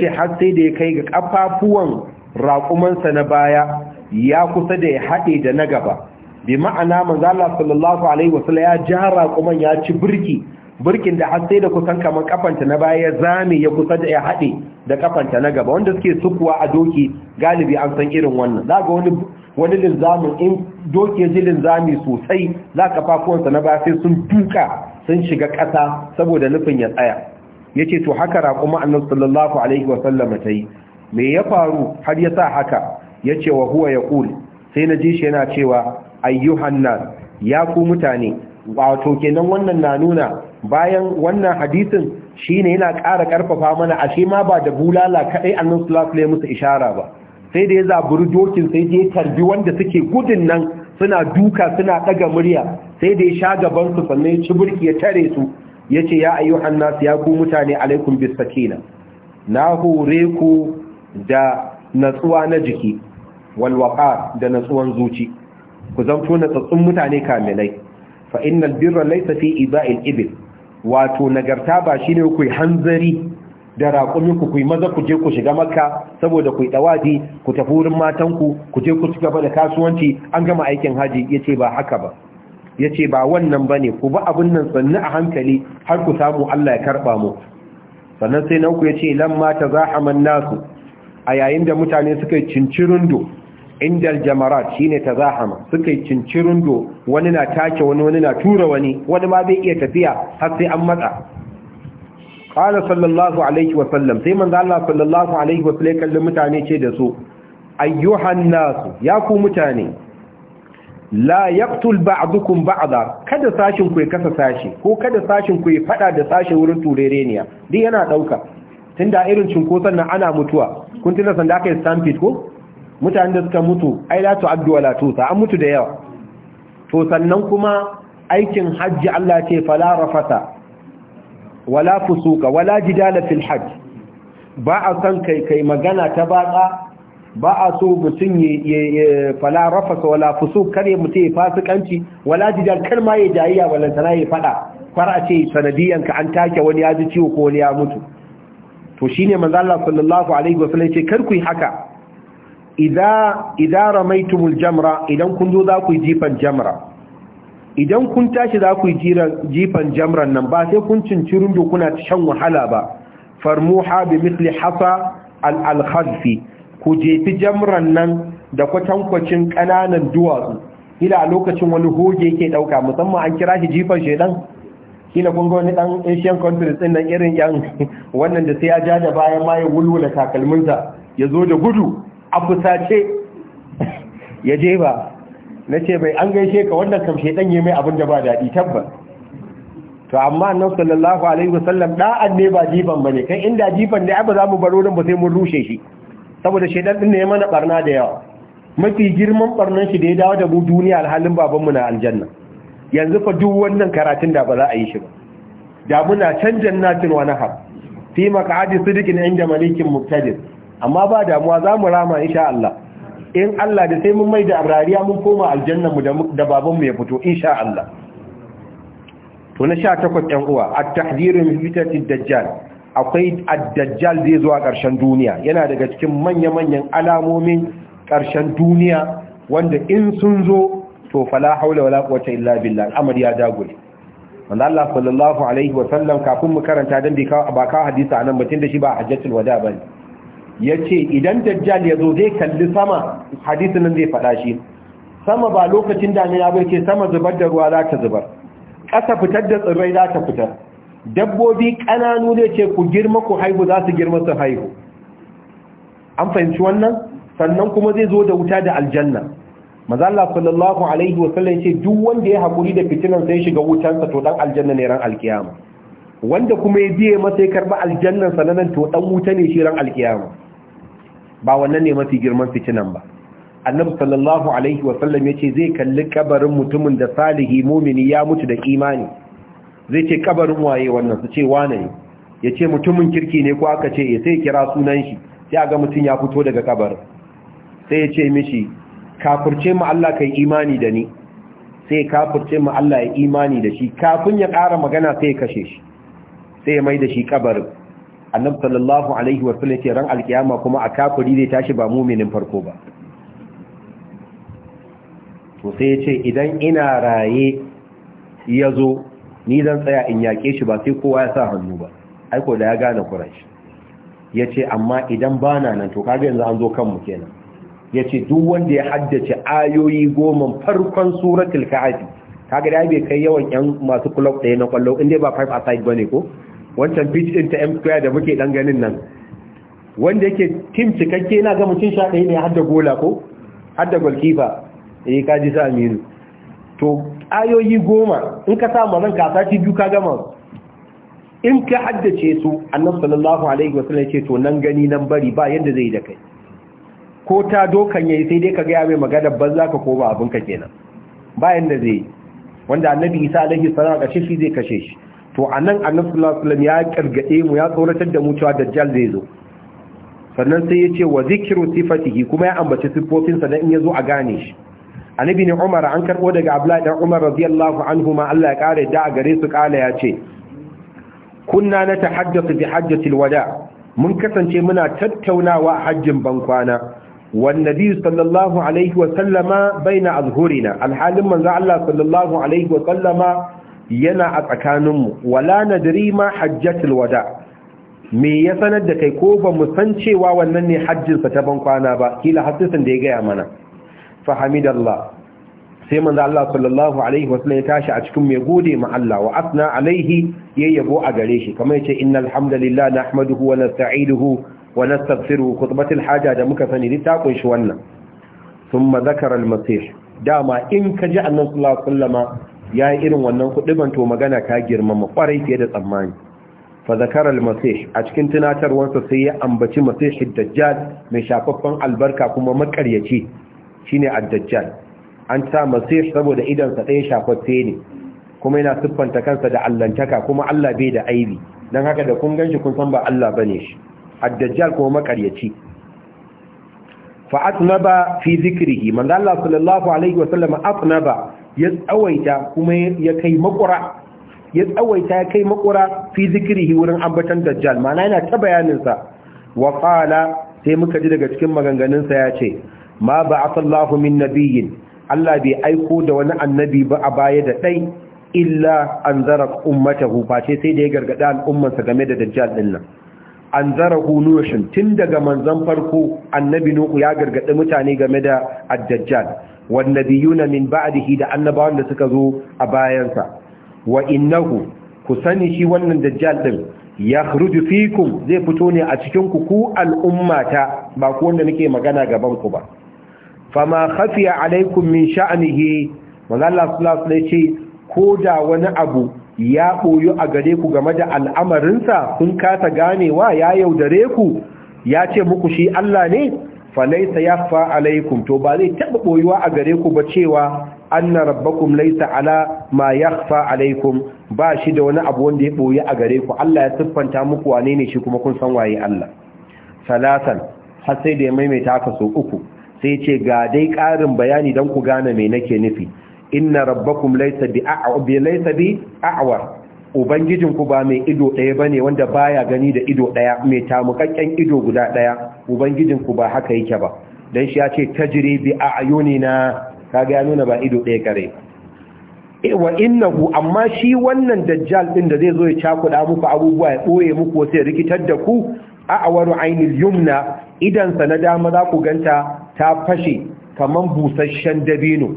ce har sai da ya kai ga kafafuwan raƙumansa na baya ya kusa da ya haɗe da na gaba bi ma'ana manzala Allah sallallahu alaihi wasu ya ja raƙuman ya ci birki. Birkin da har sai da kusan kamar kafanta na baya ya zame ya kusa da ya haɗe da kafanta na gaba wanda suke sukuwa a doki galibi an san irin wannan za ga wani linzamin in doki ya ji linzami sosai za ka na baya sai sun duka sun shiga ƙasa saboda nufin ya tsaya yace to haka raƙuma annabi sallallahu alaihi wa sallama tayi me ya faru har ya sa haka ce wa huwa ƙul sai na ji shi yana cewa ayyuhan nas ya ku mutane wato kenan wannan na nuna bayan wannan hadisin shine yana ƙara ƙarfafa mana ashe ma ba da bulala kadai annabi sallallahu alaihi musu ishara ba sai da ya zaburi dokin sai da ya tarbi wanda suke gudun nan suna duka suna ɗaga murya sai da ya sha gaban su sannan ya ci burki ya tare su yace ya ayyuhan annas ya ku mutane alaikum bis sakina na hore ku da natsuwa na jiki wal waqar da natsuwan zuci ku zanto na tsatsun mutane kamilai fa innal birra laysa fi iba'il ibil wato nagarta ba shine ku hanzari da raƙumin ku kuyi maza ku je ku shiga makka saboda ku yi ku tafi wurin matanku ku je ku ci gaba da kasuwanci an gama aikin haji ya ce ba haka ba ya ce ba wannan ba ne ku ba abin nan sannu a hankali har ku samu Allah ya karɓa mu sannan sai nan ku ya ce lan mata za a man nasu a yayin da mutane suka yi cincirindo indal jamarat ta zahama suka yi cincirindo wani na take wani wani na tura wani wani ma bai iya tafiya har sai an matsa Kala sallallahu alaihi wa sallam sai manzo Allah sallallahu alaihi wa sallam kallon mutane ce da su ayyuhan nasu ya ku mutane la yaqtul ba'dukum ba'da kada sashin ku ya kasa sashi ko kada sashin ku ya fada da sashi wurin turereniya Din yana dauka tunda irin cinkoson nan ana mutuwa kun tuna sanda aka yi stampede ko mutanen da suka mutu ai la tu'addu wala tusa an mutu da yawa to sannan kuma aikin hajji Allah ce fala rafata wala fusuka wala jidala fil hajj ba a san kai kai magana ta batsa ba a so mutum ya fala rafasa wala fuso kare mutum ya fasikanci wala jidal kar ma ya jayiya wala ya fada Kar a ce sanadiyan ka an take wani ya ji ciwo ko wani ya mutu to shine manzo Allah sallallahu alaihi wasallam ce kar ku yi haka Idan idza ramaitumul jamra idan kun zo za ku yi jifan jamra idan kun tashi za ku yi jifan jamran nan ba sai kun cincirin do kuna shan wahala ba farmuha bi mithli hasa al-khadfi ku jefi jamran nan da kwatankwacin ƙananan duwatsu ila lokacin wani hoge ke ɗauka musamman an kira shi jifan shedan kila kun ga wani ɗan asian countries ɗin nan irin yan wannan da sai ya ja da bayan ma ya wulwula takalminsa ya zo da gudu a fusace ya je ba na ce bai an gaishe ka wannan kam shedan ya mai abin da ba daɗi tabbas to amma annabi sallallahu alaihi wasallam ɗa'an ne ba jifan ba ne, kai inda jifan ne ai ba za mu baro nan ba sai mun rushe shi saboda shaidan din ne ya mana barna da yawa mafi girman barnan shi da ya dawo da mu duniya alhalin babanmu na aljanna yanzu fa duk wannan karatun da ba za a yi shi ba da muna can jannatin wa nahar fi maq'adi sidiqin inda malikin muqtadir amma ba damuwa za mu rama insha Allah in Allah da sai mun mai da abrariya mun koma aljanna mu da babanmu ya fito insha Allah to na 18 ɗan uwa at-tahdhiru min fitati dajjal akwai addajjal zai zuwa ƙarshen duniya yana daga cikin manya-manyan alamomin ƙarshen duniya wanda in sun zo to fala haula wala quwwata illa billah al'amari ya dagure manzo Allah sallallahu alaihi wa sallam kafin mu karanta dan bai ka ba ka hadisi anan mutun da shi ba hajjatul wada bane yace idan dajjal ya zo zai kalli sama hadisin nan zai faɗa shi sama ba lokacin damina bai ce sama zubar da ruwa za ta zubar ƙasa fitar da tsirrai za ta fitar dabbobi ƙananu ne ce ku girma ku haihu za su girma su haihu an fahimci wannan sannan kuma zai zo da wuta da aljanna Mazalla sallallahu alaihi wa sallam ce duk wanda ya hakuri da fitinan sai shiga wutansa to dan aljanna ne ran alkiyama wanda kuma ya biye masa ya karba aljannan sa nan to dan wuta ne shi ran alkiyama ba wannan ne mafi girman fitinan ba annabi sallallahu alaihi wa sallam yace zai kalli kabarin mutumin da salihi mumini ya mutu da imani zai ce kabarin waye wannan su ce wane ne ya ce mutumin kirki ne ko aka ce ya sai kira sunan shi sai a ga mutum ya fito daga kabar sai ya ce mishi kafirce mu Allah kai imani da ni sai kafirce mu Allah ya imani da shi kafin ya ƙara magana sai ya kashe shi sai ya mai da shi kabarin annabi sallallahu alaihi wa sallam ce ran alkiyama kuma a kafuri zai tashi ba muminin farko ba to sai ya ce idan ina raye ya zo ni zan tsaya in yaƙe shi ba sai kowa ya sa hannu ba aiko da ya gane kuraish ya ce amma idan ba na nan to kaga yanzu an zo kanmu kenan ya ce duk wanda ya haddace ayoyi goma farkon suratul ka'afi kaga da bai kai yawan yan masu club ɗaya na kwallo inda ba five aside bane ko wancan pitch din ta M square da muke dan ganin nan wanda yake tim cikakke yana ga mutum sha ɗaya ne hadda gola ko hadda goalkeeper eh kaji sa aminu to ayoyi goma in ka samu ran kasa ci biyu ka gama in ka haddace su annabi sallallahu alaihi wasallam ce to nan gani nan bari ba yanda zai da kai ko ta dokan yayi sai dai ka ga ya mai magana ban ka ko ba abin ka kenan ba yanda zai wanda annabi isa alaihi salatu kashe shi zai kashe shi to anan annabi sallallahu alaihi wasallam ya kargade mu ya tsoratar da mu cewa dajjal zai zo sannan sai ya ce wa zikru sifatihi kuma ya ambaci sifofinsa dan in ya zo a gane shi anabi ne umar an karɓo daga abdullahi dan umar radiyallahu anhu ma Allah ya kare da gare su kala ya ce kunna na su bi hajjatil wada mun kasance muna tattaunawa hajjin bankwana wan nabi sallallahu alaihi wa sallama baina azhurina alhalin manzo Allah sallallahu alaihi wa sallama yana a tsakaninmu wala nadri ma hajjatul wada me ya sanar da kai ko ba mu san cewa wannan ne hajjinsa ta bankwana ba kila hadisin da ya gaya mana fa hamidallah sai manzo Allah sallallahu alaihi wasallam ya tashi a cikin mai gode ma Allah wa asna alaihi yayi yabo a gare shi kamar yace innal hamdalillah nahmaduhu wa nasta'inuhu wa nastaghfiruhu khutbatul haja da muka sani duk ta kunshi wannan thumma zakara al-masih dama in ka ji annabi sallallahu alaihi wasallama yayi irin wannan kudiban to magana ka girmama kwarai fiye da tsammani fa zakara al-masih a cikin tunatarwarsa sai ya ambaci masih dajjal mai shafaffen albarka kuma makaryaci Shi ne addajjal an sa masih saboda idansa ɗaya shafaffe ne kuma yana siffanta kansa da allantaka kuma Allah bai da aibi don haka da kun ganshi kun san ba Allah bane shi addajjal kuma makaryaci fa atnaba fi zikrihi manzo Allah sallallahu alaihi wa sallam atnaba ya tsawaita kuma ya kai makura ya tsawaita ya kai makura fi zikrihi wurin ambatan dajjal ma'ana yana ta bayanin sa wa qala sai muka ji daga cikin maganganunsa, ya ce ma ba a sallahu min nabiyyin Allah bai aiko da wani annabi ba a baya da ɗai illa anzara ummatahu face sai da ya gargada al'ummarsa game da dajjal ɗin nan zara hunushin tun daga manzan farko annabi nuku ya gargaɗi mutane game da addajjal wannabi wan nabiyuna min ba'dihi da annabawan da suka zo a bayansa wa innahu ku sani shi wannan dajjal ɗin, ya khruju fikum zai fito ne a cikin ku al'ummata ba ku wanda nake magana gaban ku ba fama khafiya alaikum min sha'nihi manzo sallallahu alaihi ce ko da wani abu ya boyo a gare ku game da al'amarinsa kun kasa ganewa ya yaudare ku ya ce muku shi Allah ne falaisa yaffa alaikum to ba zai taba boyuwa a gare ku ba cewa anna rabbakum laysa ala ma yakhfa alaikum ba shi da wani abu wanda ya boye a gare ku Allah ya siffanta muku wane ne shi kuma kun san waye Allah salasan har sai da ya maimaita haka so uku sai ce ga dai ƙarin bayani don ku gane mai nake nufi inna rabbakum laysa bi laysa bi a'wa ubangijinku ba mai ido ɗaya bane wanda baya gani da ido ɗaya mai tamukakken ido guda ɗaya ubangijinku ba haka yake ba dan shi ya ce tajri bi a'yunina kaga ya nuna ba ido ɗaya kare e, wa innahu amma shi wannan dajjal din da zai zo ya cakuda muku abubuwa ya ɓoye muku sai rikitar da ku a'waru ainil yumna idan na dama za ku ganta ta fashe kamar busasshen dabino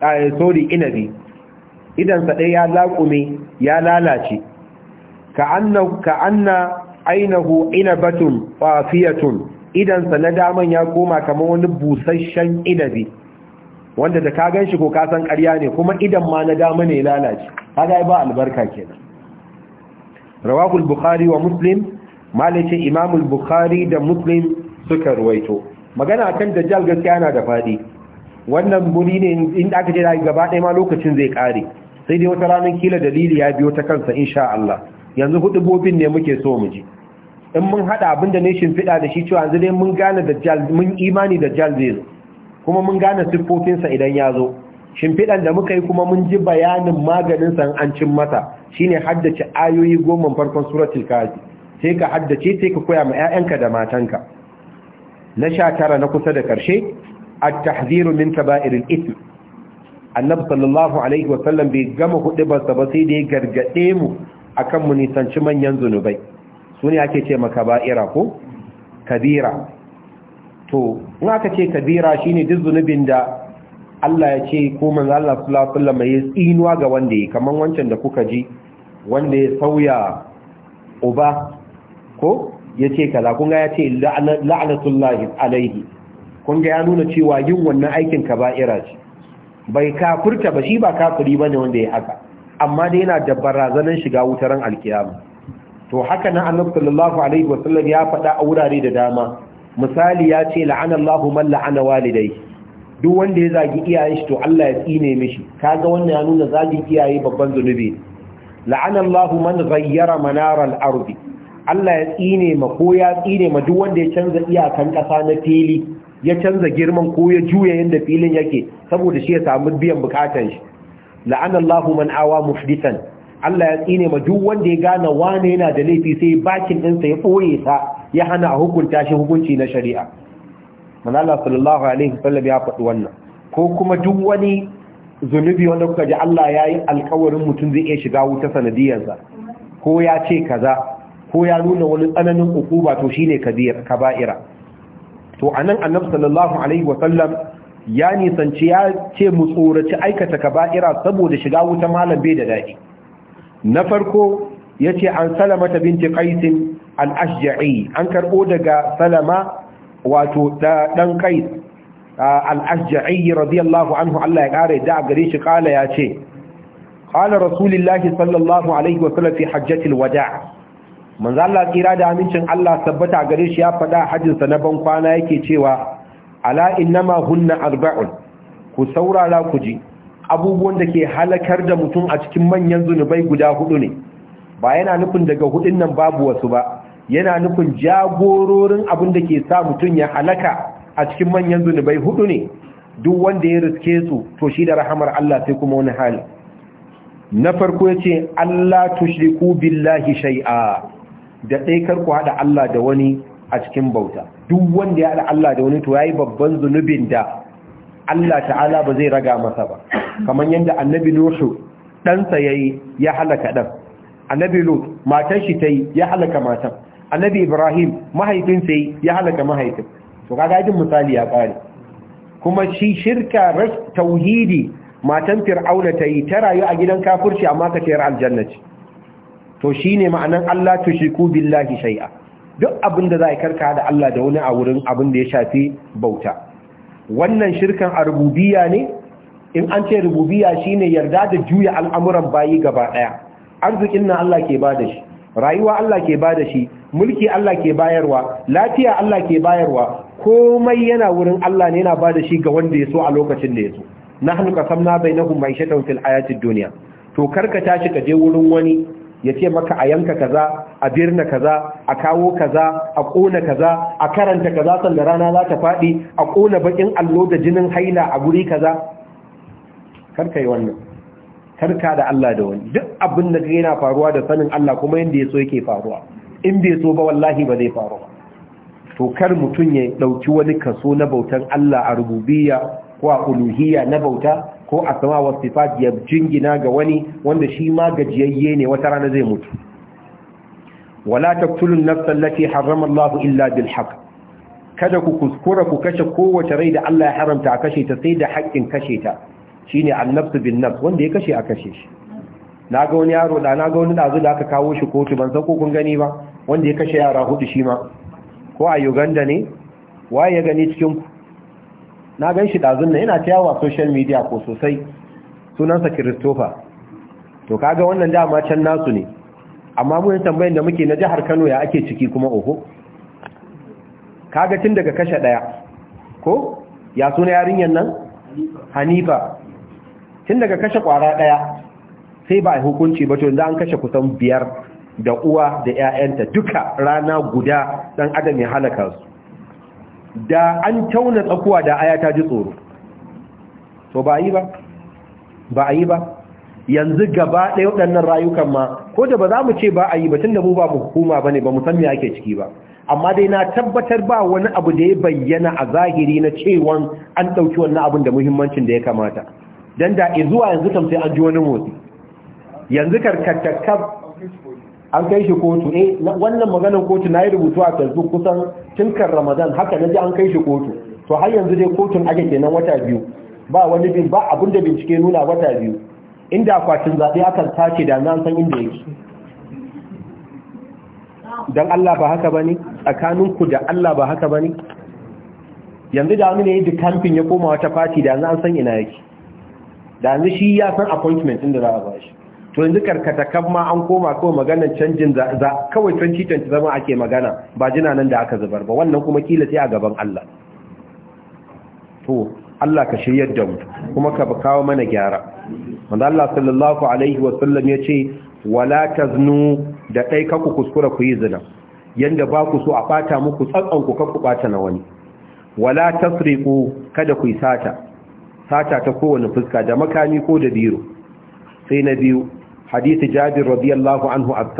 a sorry inabi idan sa ɗaya ya laƙume ya lalace ka anna ka anna inabatun fafiyatun idan sa na daman ya koma kamar wani busasshen inabi wanda da ka shi ko kasan karya ƙarya ne kuma idan ma na dama ne lalace haɗa ba albarka kenan rawahul bukhari wa muslim malice imamul bukhari da muslim suka ruwaito magana akan dajjal gaskiya yana da fadi wannan buri ne in aka je da gaba ɗaya ma lokacin zai kare sai dai wata ranar kila dalili ya biyo ta kansa insha Allah yanzu bobin ne muke so mu ji in mun hada abin da ne shimfiɗa da shi cewa yanzu dai mun gane dajjal mun imani dajjal zai zo kuma mun gane siffofinsa idan ya zo shimfiɗan da muka yi kuma mun ji bayanin maganin san an cin masa shine haddace ayoyi goma farkon suratul kafi sai ka haddace sai ka koya ma 'ya'yanka da matanka na sha tara na kusa da ƙarshe a tahziru min kaba'iril ithm annabi sallallahu alaihi wa sallam bai gama hudibarsa ba sai da ya gargaɗe mu akan mu nisanci manyan zunubai su ne ake ce Baira ko kabira to in aka ce kabira shine duk zunubin da Allah ya ce ko manzo Allah sallallahu alaihi wasallam ya tsinuwa ga wanda yake kamar wancan da kuka ji wanda ya sauya uba ko ya ce kaza kun ga ya ce la'anatullahi alaihi kun ga ya nuna cewa yin wannan aikin ira ce bai kafurta ba shi ba ba ne wanda ya haka amma dai yana da barazanar shiga wutar alkiyama to haka nan annabi sallallahu alaihi wasallam ya faɗa a wurare da dama misali ya ce la'anallahu man la'ana walidai duk wanda ya zagi iyaye shi to Allah ya tsine mishi kaga wannan ya nuna zagin iyaye babban zunubi la'anallahu man ghayyara manaral ardi Allah ya tsine ma ko ya tsine ma duk wanda ya canza iyakan ƙasa na fili ya canza girman ko ya juya yanda filin yake saboda shi ya samu biyan bukatan shi la'anallahu man awa mufdisan Allah ya tsine ma duk wanda ya gane wane yana da laifi sai bakin ɗinsa ya ɓoye sa ya hana a hukunta shi hukunci na shari'a man Allah sallallahu alaihi wasallam ya faɗi wannan ko kuma duk wani zunubi wanda kuka ji Allah ya yi alkawarin mutum zai iya shiga wuta sanadiyarsa ko ya ce kaza ko ya nuna wani tsananin ukuba to shine kaba'ira to anan annabi sallallahu alaihi wasallam ya nisanci ya ce mu tsoraci aikata kaba'ira saboda shiga wuta malam bai da daɗi na farko yace an salama ta binti qais al-ashja'i an karbo daga salama wato dan qais al-ashja'i radiyallahu anhu Allah ya kare da gare shi kala yace qala rasulullahi sallallahu alaihi wasallam fi hajjatil wada' manzo Allah tsira da amincin Allah tabbata gare shi ya faɗa sa na ban kwana yake cewa ala innama hunna arba'un ku saurara ku ji abubuwan da ke halakar da mutum a cikin manyan zunubai guda hudu ne ba yana nufin daga hudun nan babu wasu ba yana nufin jagororin abin da ke sa mutum ya halaka a cikin manyan zunubai hudu ne duk wanda ya riske su to shi da rahamar Allah sai kuma wani hali na farko yace Allah tushriku billahi shay'a da ɗai kar ku haɗa Allah da wani a cikin bauta duk wanda ya haɗa Allah da wani to yayi babban zunubin da Allah ta'ala ba zai raga masa ba kamar yadda annabi Nuhu ɗansa yi ya halaka ɗan annabi Lut matan shi ta yi ya halaka matan annabi Ibrahim mahaifinsa yi ya halaka mahaifin to kaga jin misali ya ƙare kuma shi shirka tauhidi matan fir'auna ta yi ta rayu a gidan kafirci amma ka ce aljanna ce to shine ma'anan Allah tushriku billahi shai'a? duk abin da za a karka da Allah da wani a wurin abin da ya shafi bauta wannan shirkan a rububiya ne in an ce rububiyya shine yarda da juya al'amuran bayi gaba daya arzikin nan Allah ke bada shi rayuwa Allah ke bada shi mulki Allah ke bayarwa lafiya Allah ke bayarwa komai yana wurin Allah ne yana bada shi ga wanda ya so a lokacin da ya so nahnu qasamna mai ma'ishatan fil hayatid duniya. to karka tashi ka je wurin wani ya ce maka a yanka kaza a birna kaza a kawo kaza a ƙona kaza a karanta kaza sanda rana za ta faɗi a ƙona baƙin allo da jinin haila a guri kaza karka yi wannan karka da Allah da wani duk abin da yana faruwa da sanin Allah kuma yadda ya so yake faruwa in bai so ba wallahi ba zai faru to kar mutum ya ɗauki wani kaso na bautan Allah a rububiyya ko a uluhiyya na bauta ko sama wa sifat ya jingina ga wani wanda shi ma gajiyayye ne wata rana zai mutu wala taqtulun nafsan allati haramar illa bil haqq kada ku kuskura ku kashe kowace rai da Allah ya haramta a kashe ta sai da haƙƙin kashe ta shine annafsu bin nafs wanda ya kashe a kashe shi na ga wani yaro da na ga wani dazu da aka kawo shi kotu ban san ko kun gani ba wanda ya kashe yara hudu shi ma ko a Uganda ne waye ya gani cikin na gan shi ɗazun na yana ta wa social media ko sosai sunansa christopher to kaga wannan dama can nasu ne amma mun tambayin da muke na jihar kano ya ake ciki kuma oho kaga tun daga kashe ɗaya ko ya suna yarinyar nan hanifa tun daga kashe ƙwara ɗaya sai ba a hukunci ba to an kashe kusan biyar da uwa da 'ya'yanta duka rana guda ɗan adam ya halaka su da an tauna tsakuwa da aya ta ji tsoro to ba yi ba ba a yi ba yanzu gaba ɗaya waɗannan rayukan ma ko da ba za mu ce ba a yi ba da mu ba mu hukuma ne ba mu san me ake ciki ba amma dai na tabbatar ba wani abu da ya bayyana a zahiri na cewon an ɗauki wannan abin da muhimmancin da ya kamata don da zuwa yanzu kam sai an ji wani motsi yanzu karkatakab an kai shi kotu eh wannan maganar kotu na yi rubutu a facebook kusan tinkar ramadan haka na ji an kai shi kotu to har yanzu dai kotun ake kenan wata biyu ba wani bin ba abin da bincike nuna wata biyu inda akwatin zaɓe akan tace da nan san inda yake don Allah ba haka ba ne tsakaninku da Allah ba haka ba ne yanzu da wani ne yi kamfin ya koma wata fati da an san ina yake da yanzu shi ya san appointment inda za a ba shi to yanzu karkatakan ma an koma kawai maganar canjin za kawai canci canci zama ake magana ba jina nan da aka zubar ba wannan kuma kila sai a gaban Allah to Allah ka shiryar da mu kuma ka kawo mana gyara wanda Allah sallallahu alaihi wa sallam yace wala taznu da kai ka ku kuskura ku yi zina yanda ba ku so a bata muku tsatsan ku kan ku bata na wani wala tasriqu kada ku sata sata ta kowane fuska da makami ko da biro sai na biyu hadisi jabir radiyallahu anhu as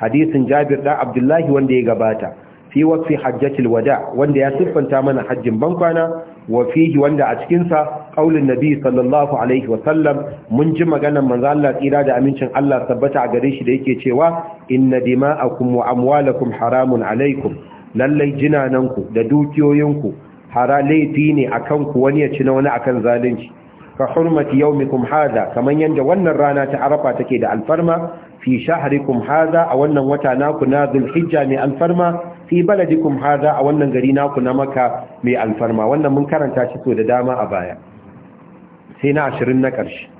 hadisin jabir da abdullahi wanda ya gabata fi waqfi hajjatil wada wanda ya siffanta mana hajjin bankwana wa fihi wanda a cikin sa qaulin nabi sallallahu alaihi wa sallam mun ji maganar manzo Allah tsira da amincin Allah tabbata a gare shi da yake cewa inna dima'akum wa amwalakum haramun alaikum lallai jinananku da dukiyoyinku hara laifi ne akan ku wani ya ci na wani akan zalunci ka hurmati yaumikum hadha kaman yanda wannan rana ta arafa take da alfarma fi shahrikum hadha a wannan wata naku na dhulhijja mai alfarma fi baladikum hadha a wannan gari naku na maka mai alfarma wannan mun karanta shi so da dama a baya sai na 20 na karshe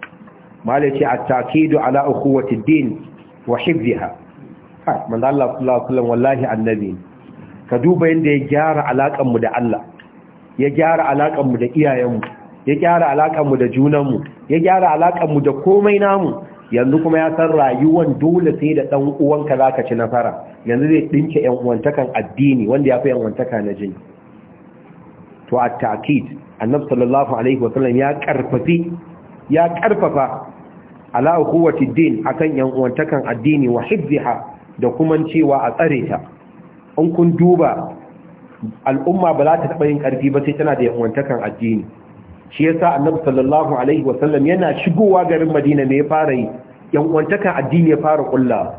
malaci at-taqidu ala ukhuwati din wa hifdhiha ha manzo Allah sallallahu alaihi wasallam wallahi annabi ka duba yanda ya gyara alakan mu da Allah ya gyara alakan mu da iyayen mu ya gyara mu da junanmu ya gyara mu da komai namu yanzu kuma ya san rayuwan dole sai da ɗan uwanka za ka ci nasara yanzu zai ɗinke ‘yan uwantakan addini wanda ya fi ‘yan uwantaka na jini to a takid sallallahu alaihi ya ƙarfafi ya kowace ala kuwaci din akan ‘yan uwantakan addini wa hibziha da kuma cewa a tsare ta in kun duba al'umma ba za ta taɓa yin ƙarfi ba sai tana da ‘yan uwantakan addini shi yasa annabi sallallahu alaihi wasallam yana shigowa garin madina ne ya fara yi yan uwantaka addini ya fara kulla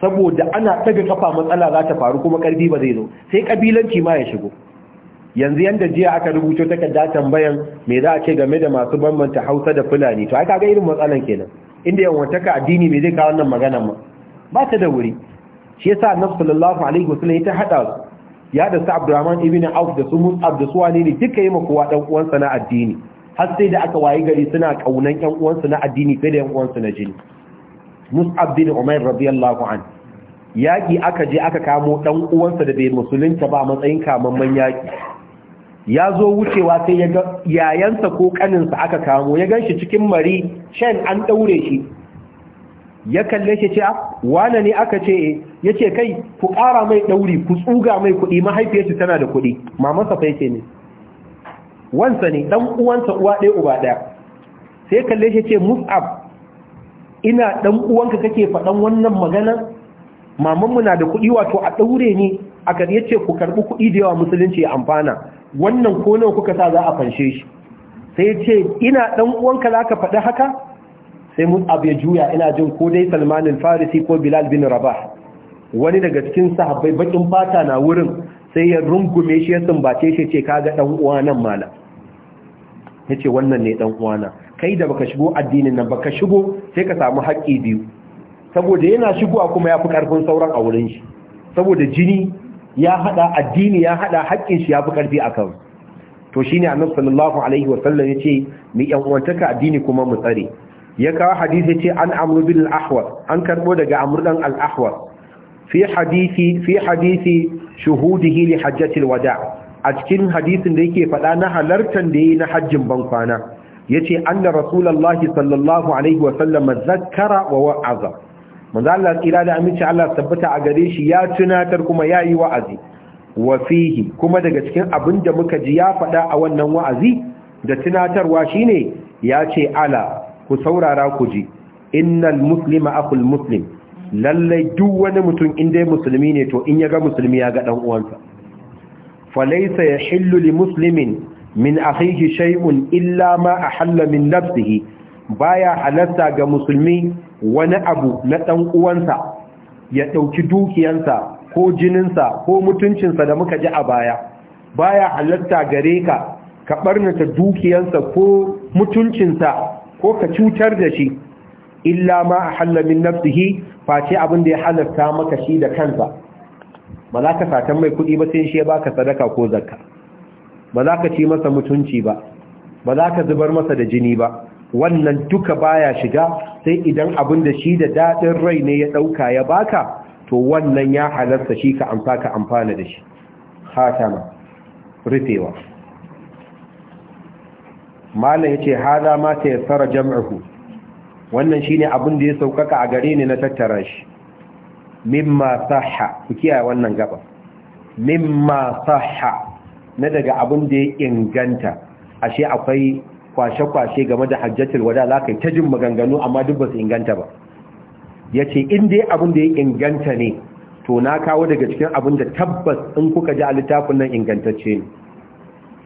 saboda ana daga kafa matsala za ta faru kuma karfi ba zai zo sai kabilanci ma ya shigo yanzu yanda jiya aka rubuto takarda tambayan me za a ce game da masu bambanta Hausa da Fulani to ai kaga irin matsalan kenan inda yan uwantaka addini me zai kawo wannan magana ma ba ta da wuri shi yasa annabi sallallahu alaihi wasallam ya ta hada ya da su abdurrahman ibn auf da su mus'ab da su Wani ne duka yi kowa dan uwansa na addini har sai da aka wayi gari suna kaunan yan uwansa na addini fiye da yan sa na jini mus'ab bin umair radiyallahu an yaki aka je aka kamo dan uwansa da bai musulunta ba matsayin kamamman yaki ya zo wucewa sai ya ga yayansa ko kaninsa aka kamo ya ganshi cikin mari shan an daure shi ya kalle shi ce ah, wane ne aka ce ya ce kai ku ƙara mai ɗauri ku tsuga mai kuɗi mahaifiyarsu tana da kuɗi mamansa fa ce ne wansa ne ɗan uwansa uwa ɗaya uba ɗaya sai kalle shi ce mus'ab ina ɗan uwanka kake faɗan wannan magana mamanmu na da kuɗi wato a ɗaure ne a kan ce ku karɓi kuɗi da yawa musulunci ya amfana wannan ko nawa kuka sa za a fanshe shi sai ya ce ina ɗan uwanka za ka faɗi haka sai abu ya juya ina jin ko dai Salmanin farisi ko bilal bin rabah wani daga cikin sahabbai bakin fata na wurin sai ya rungume shi ya sumbace shi ce kaga dan uwa nan ya ce wannan ne dan kai da baka shigo addinin nan baka shigo sai ka samu haƙƙi biyu saboda yana shigowa kuma ya fi ƙarfin sauran a wurin shi saboda jini ya haɗa addini ya haɗa haƙƙin shi ya fi ƙarfi a kan to shine annabi sallallahu alaihi wasallam yace mu yan uwantaka addini kuma mu tsare ya kawo hadisi ce an amru bin al-ahwar an karbo daga amru alahwar fi hadisi fi hili shuhudihi li hajjatil wada a cikin hadisin da yake faɗa na halartan da yi na hajjin bankwana yace anna Rasulallah sallallahu alaihi wa sallam wa wa'aza manzo Allah kira da aminci Allah tabbata a gare shi ya tunatar kuma yayi wa'azi wa fihi kuma daga cikin abin da muka ji ya faɗa a wannan wa'azi da tunatarwa shine ya ce ala ku saurara ku ji innal muslima akul muslim lallai duk wani mutum in dai musulmi ne to in ya ga musulmi ya ga dan uwansa ya yahillu li muslimin min akhihi shay'un illa ma ahalla min nafsihi baya halatta ga musulmi wani abu na dan uwansa ya dauki dukiyansa ko jininsa ko mutuncinsa da muka ji a baya baya halatta gare ka ka barnata dukiyansa ko mutuncinsa ko ka cutar da shi illa ma a hallamin nafsihi face abin da ya halatta maka shi da kansa ba za ka satan mai kuɗi ba sai shi ya baka sadaka ko zakka ba za ka ci masa mutunci ba ba za ka zubar masa da jini ba wannan duka baya shiga sai idan abin da shi da daɗin rai ne ya ɗauka ya baka to wannan ya halarta shi ka amsa amfana da shi khatama rufewa malam yace hada ma yassara jam'uhu wannan shine abin da ya saukaka a gare ni na tattara shi mimma sahha ku kiyaye wannan gaba mimma sahha na daga abin da ya inganta ashe akwai kwashe-kwashe game da hajjatul wada za ka yi ta jin maganganu amma duk ba su inganta ba ya ce dai abin da ya inganta ne to na kawo daga cikin abin da tabbas in kuka ji a littafin nan ingantacce ne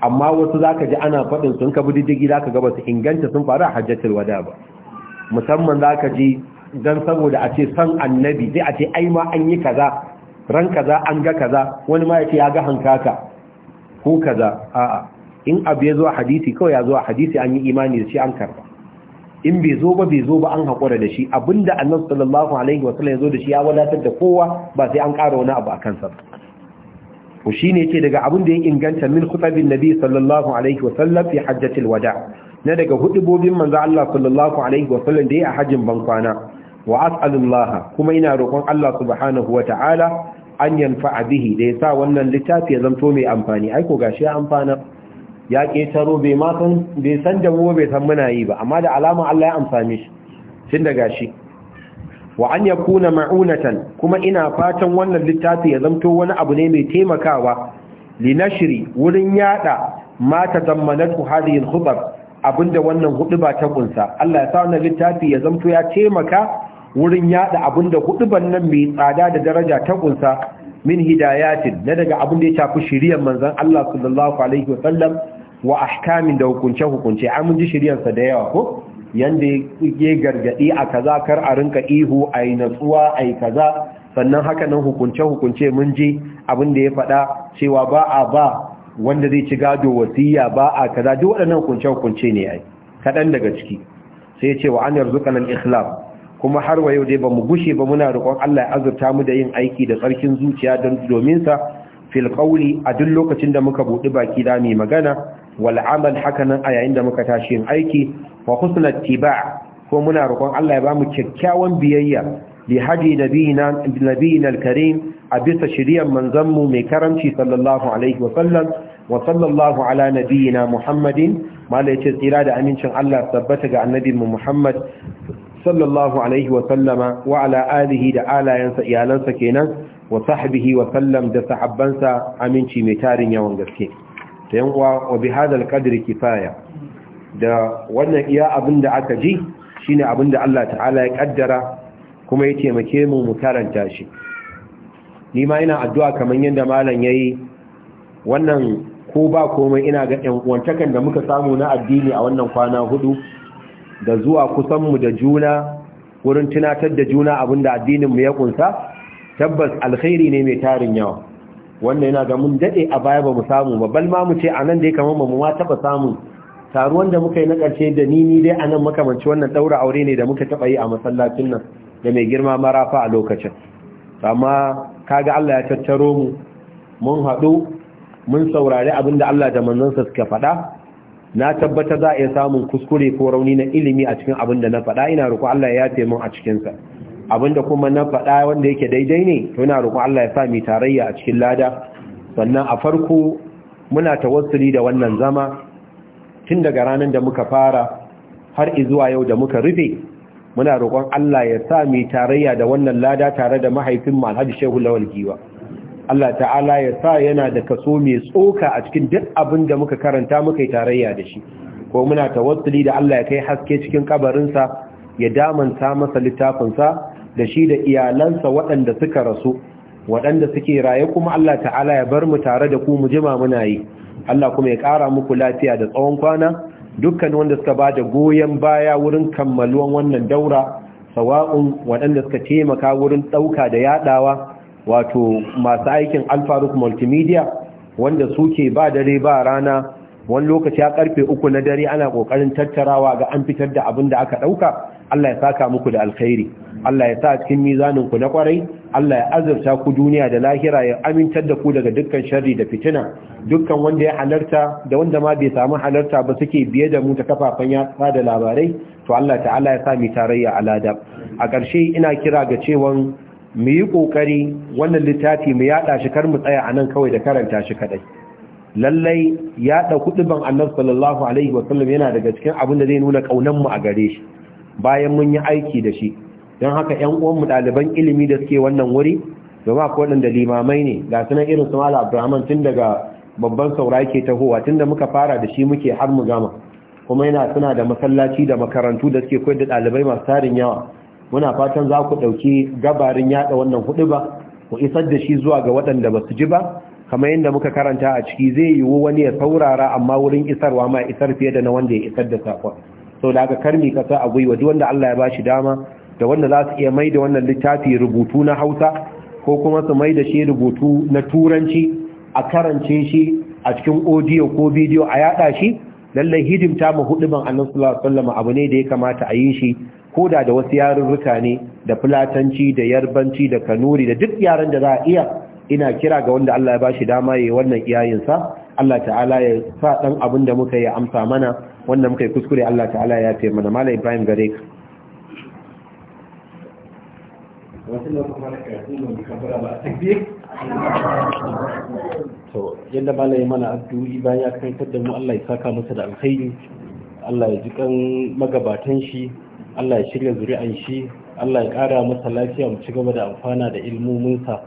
amma wasu za ka ji ana faɗin sun ka za ka ga su inganta sun faru a hajjatul wada ba musamman za ka ji don saboda a ce san annabi sai a ce ai ma an yi kaza ran kaza an ga kaza wani ma ya ce ya ga hankaka ko kaza a'a in abu ya zo hadisi kawai ya zo hadisi an yi imani da shi an karba in bai zo ba bai zo ba an haƙura da shi abinda annabi sallallahu alaihi wasallam ya zo da shi ya wadatar da kowa ba sai an ƙara wani abu a kansa ba to shine yace daga abin da ya inganta min khutabin nabi sallallahu alaihi wa sallam fi hajjatil wada na daga hudubobin manzo Allah sallallahu alaihi wa sallam da ya hajjin bankwana wa as'alullah kuma ina roƙon Allah subhanahu wa ta'ala an yanfa'a bihi da yasa wannan littafi ya zanto mai amfani ai ko gashi ya amfana ya ketaro bai ma san bai san da mu bai san muna yi ba amma da alama Allah ya amfane shi tun da gashi wa an yakuna ma'unatan kuma ina fatan wannan littafi ya zamto wani abu ne mai taimakawa li nashri wurin yada mata zammanatu hadhihi al-khutab abinda wannan huduba ta kunsa Allah ya sa wannan littafi ya zamto ya taimaka wurin yada abinda hudiban nan mai tsada da daraja ta kunsa min hidayatin na daga abinda ya tafi shiriyar manzon Allah sallallahu alaihi wa sallam wa ahkamin da hukunce hukunce an mun ji sa da yawa ko yanda ya gargadi a kaza kar a rinka ihu a yi natsuwa a yi kaza sannan haka nan hukunce-hukunce mun ji abin da ya faɗa cewa ba a ba wanda zai ci gado wasiya ba a kaza duk waɗannan hukunce-hukunce ne ai kaɗan daga ciki sai ya ce wa an yarzuka nan ikhlas kuma har wa yau dai ba mu gushe ba muna roƙon Allah ya azurta mu da yin aiki da tsarkin zuciya don domin sa fil qawli a duk lokacin da muka buɗe baki da magana wal'amal amal hakanan a yayin da muka tashi yin aiki wa husnul ittiba ko muna roƙon Allah ya ba mu kyakkyawan biyayya li hadi nabiyina al-karim a bisa shiriyar manzanmu mai karamci sallallahu alaihi wa sallam wa sallallahu ala nabiyina muhammadin mala yace tsira da amincin Allah tabbata ga annabinmu muhammad sallallahu alaihi wa sallama wa ala alihi da alayansa iyalansa kenan wa sahbihi wa sallam da sahabbansa aminci mai tarin yawan gaske ta yanwa wa bi hadal qadri kifaya da wannan iya abin da aka ji shine abin da Allah ta'ala ya kaddara kuma ya taimake mu mu karanta shi ni ma ina addu'a kamar yadda malam yi wannan ko ba komai ina ga ɗan uwantakan da muka samu na addini a wannan kwana hudu da zuwa kusan mu da juna wurin tunatar da juna abin da addinin mu ya kunsa tabbas alkhairi ne mai tarin yawa Wannan yana ga mun dade a baya ba mu samu ba bal ma mu ce anan da ya kamar ba mu ma taba samu taruwan da muka yi na karshe da ni ni dai anan makamanci wannan daura aure ne da muka taba yi a masallacin nan da mai girma marafa a lokacin amma kaga Allah ya tattaro mu mun haɗu mun saurari abinda Allah da manzansa suka faɗa na tabbata za a iya samun kuskure ko rauni na ilimi a cikin abinda na faɗa ina roƙo Allah ya yafe mun a cikinsa abinda kuma na faɗa wanda yake daidai ne to ina roƙon Allah ya sa mu tarayya a cikin lada sannan a farko muna tawassuli da wannan zama tun daga ranar da muka fara har izuwa yau da muka rufe muna roƙon Allah ya sa mu tarayya da wannan lada tare da mahaifin mu Alhaji Shehu Lawal Giwa Allah ta'ala ya sa yana da kaso mai tsoka a cikin duk abin da muka karanta muka yi tarayya da shi ko muna tawassuli da Allah ya kai haske cikin kabarinsa ya damanta masa littafinsa da shi da iyalansa waɗanda suka rasu waɗanda suke raye kuma Allah ta'ala ya bar mu tare da ku mu jima muna yi Allah kuma ya ƙara muku lafiya da tsawon kwana dukkan wanda suka ba da goyon baya wurin kammaluwan wannan daura sawa'un waɗanda suka taimaka wurin ɗauka da yaɗawa wato masu aikin alfaruk multimedia wanda suke ba dare ba rana wani lokaci a karfe uku na dare ana kokarin tattarawa ga an fitar da abin da aka dauka Allah ya saka muku da alkhairi Allah ya sa cikin mizanin ku na kwarai Allah ya azurta ku duniya da lahira ya amintar da ku daga dukkan sharri da fitina dukkan wanda ya halarta da wanda ma bai samu halarta ba suke biye da mu ta kafafen yatsa da labarai to Allah ta'ala ya sa mu tarayya alada a ƙarshe ina kira ga cewa mu yi ƙoƙari wannan littafi mu yaɗa shi kar mu tsaya anan kawai da karanta shi kaɗai lallai ya da kutuban annabi sallallahu alaihi wasallam yana daga cikin abin da zai nuna kaunar mu a gare shi bayan mun yi aiki da shi don haka 'yan uwan mu ɗaliban ilimi da suke wannan wuri domin akwai waɗanda limamai ne ga sunan irin su malam abdurrahman tun daga babban saura ke tahowa tun da muka fara da shi muke har mu gama kuma yana suna da masallaci da makarantu da suke koyar da ɗalibai masu tarin yawa muna fatan za ku ɗauki gabarin yaɗa wannan huɗu ba ku isar da shi zuwa ga waɗanda ba su ji ba kamar yadda muka karanta a ciki zai yiwu wani ya saurara amma wurin isarwa ma isar fiye da na wanda ya isar da sakon sau da aka karmi kasa a gwiwa duk wanda Allah ya bashi dama da wanda za su iya mai da wannan littafi rubutu na hausa ko kuma su mai da shi rubutu na turanci a karance shi a cikin Odiyo ko bidiyo a yada shi lallai hidimta mu huduban annabi sallallahu alaihi wasallam abu ne da ya kamata a yi shi koda da wasu yarurruka ne da fulatanci da yarbanci da kanuri da duk yaran da za a iya ina kira ga wanda Allah ya bashi dama yayi wannan iyayensa Allah ta'ala ya sa dan abin da muka yi amsa mana wanda muka yi kuskure Allah ta'ala ya taimaka mana mallam Ibrahim gare ka to yadda mallam ya mana addu'i bayan ya kai da mu Allah ya saka masa da alkhairi Allah ya ji kan magabatan shi Allah ya shirya zuri'an shi Allah ya ƙara masa lafiya mu ci gaba da amfana da ilmominsa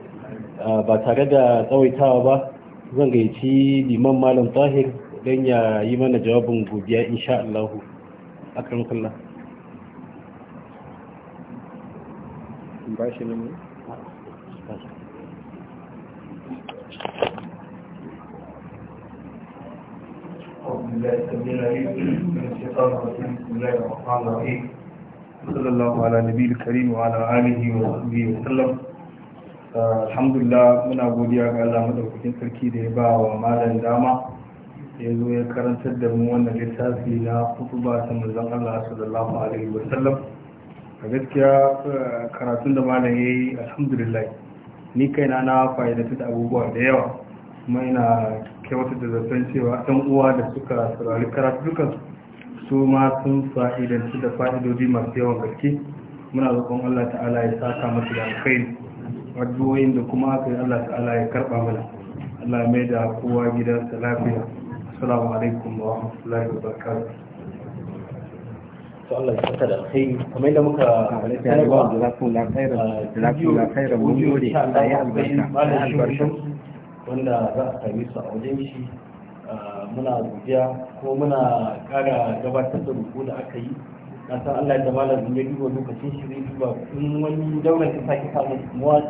ba tare da tsawaitawa ba zan gaici liman malam tahir don ya yi mana jawabin gobiya insha Allah بسم الله الرحمن الرحيم صلى الله على نبي الكريم وعلى اله وصحبه وسلم Uh, alhamdulillah muna godiya ga Allah madaukakin sarki da ya ba wa malam dama ya zo ya karantar da mu wannan littafi na kutuba ta manzon Allah sallallahu alaihi wa sallam a gaskiya uh, karatun da malam yayi alhamdulillah ni kaina na fa'ida da abubuwa da yawa kuma ina kyauta da zaton cewa ɗan uwa da suka saurari dukan su ma sun fa'idanci da fa'idodi masu yawan gaske muna roƙon Allah ta'ala ya saka musu da alkhairi addu'o'in da kuma aka yi Allah ta'ala ya karɓa mana Allah mai da kowa gidansa lafiya assalamu alaikum wa rahmatullahi wa barakatuh Allah ya da da muka uh, wanda za a su a wajen uh, muna godiya ko muna kara gabatar da ruku da aka yi na san Allah da malam ya duba lokacin shi zai duba in wani daular ta sake samu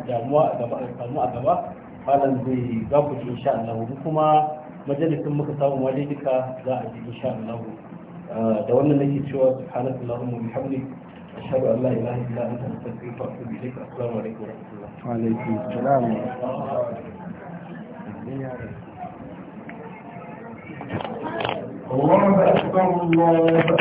damuwa a gaba samu a gaba malam zai gafuce insha Allah kuma majalisin muka samu waje duka za a ji insha Allah da wannan nake cewa subhanallahi wa bihamdihi أشهد أن لا إله إلا أنت أستغفرك وأتوب إليك السلام عليكم ورحمة الله وعليكم السلام الله أكبر الله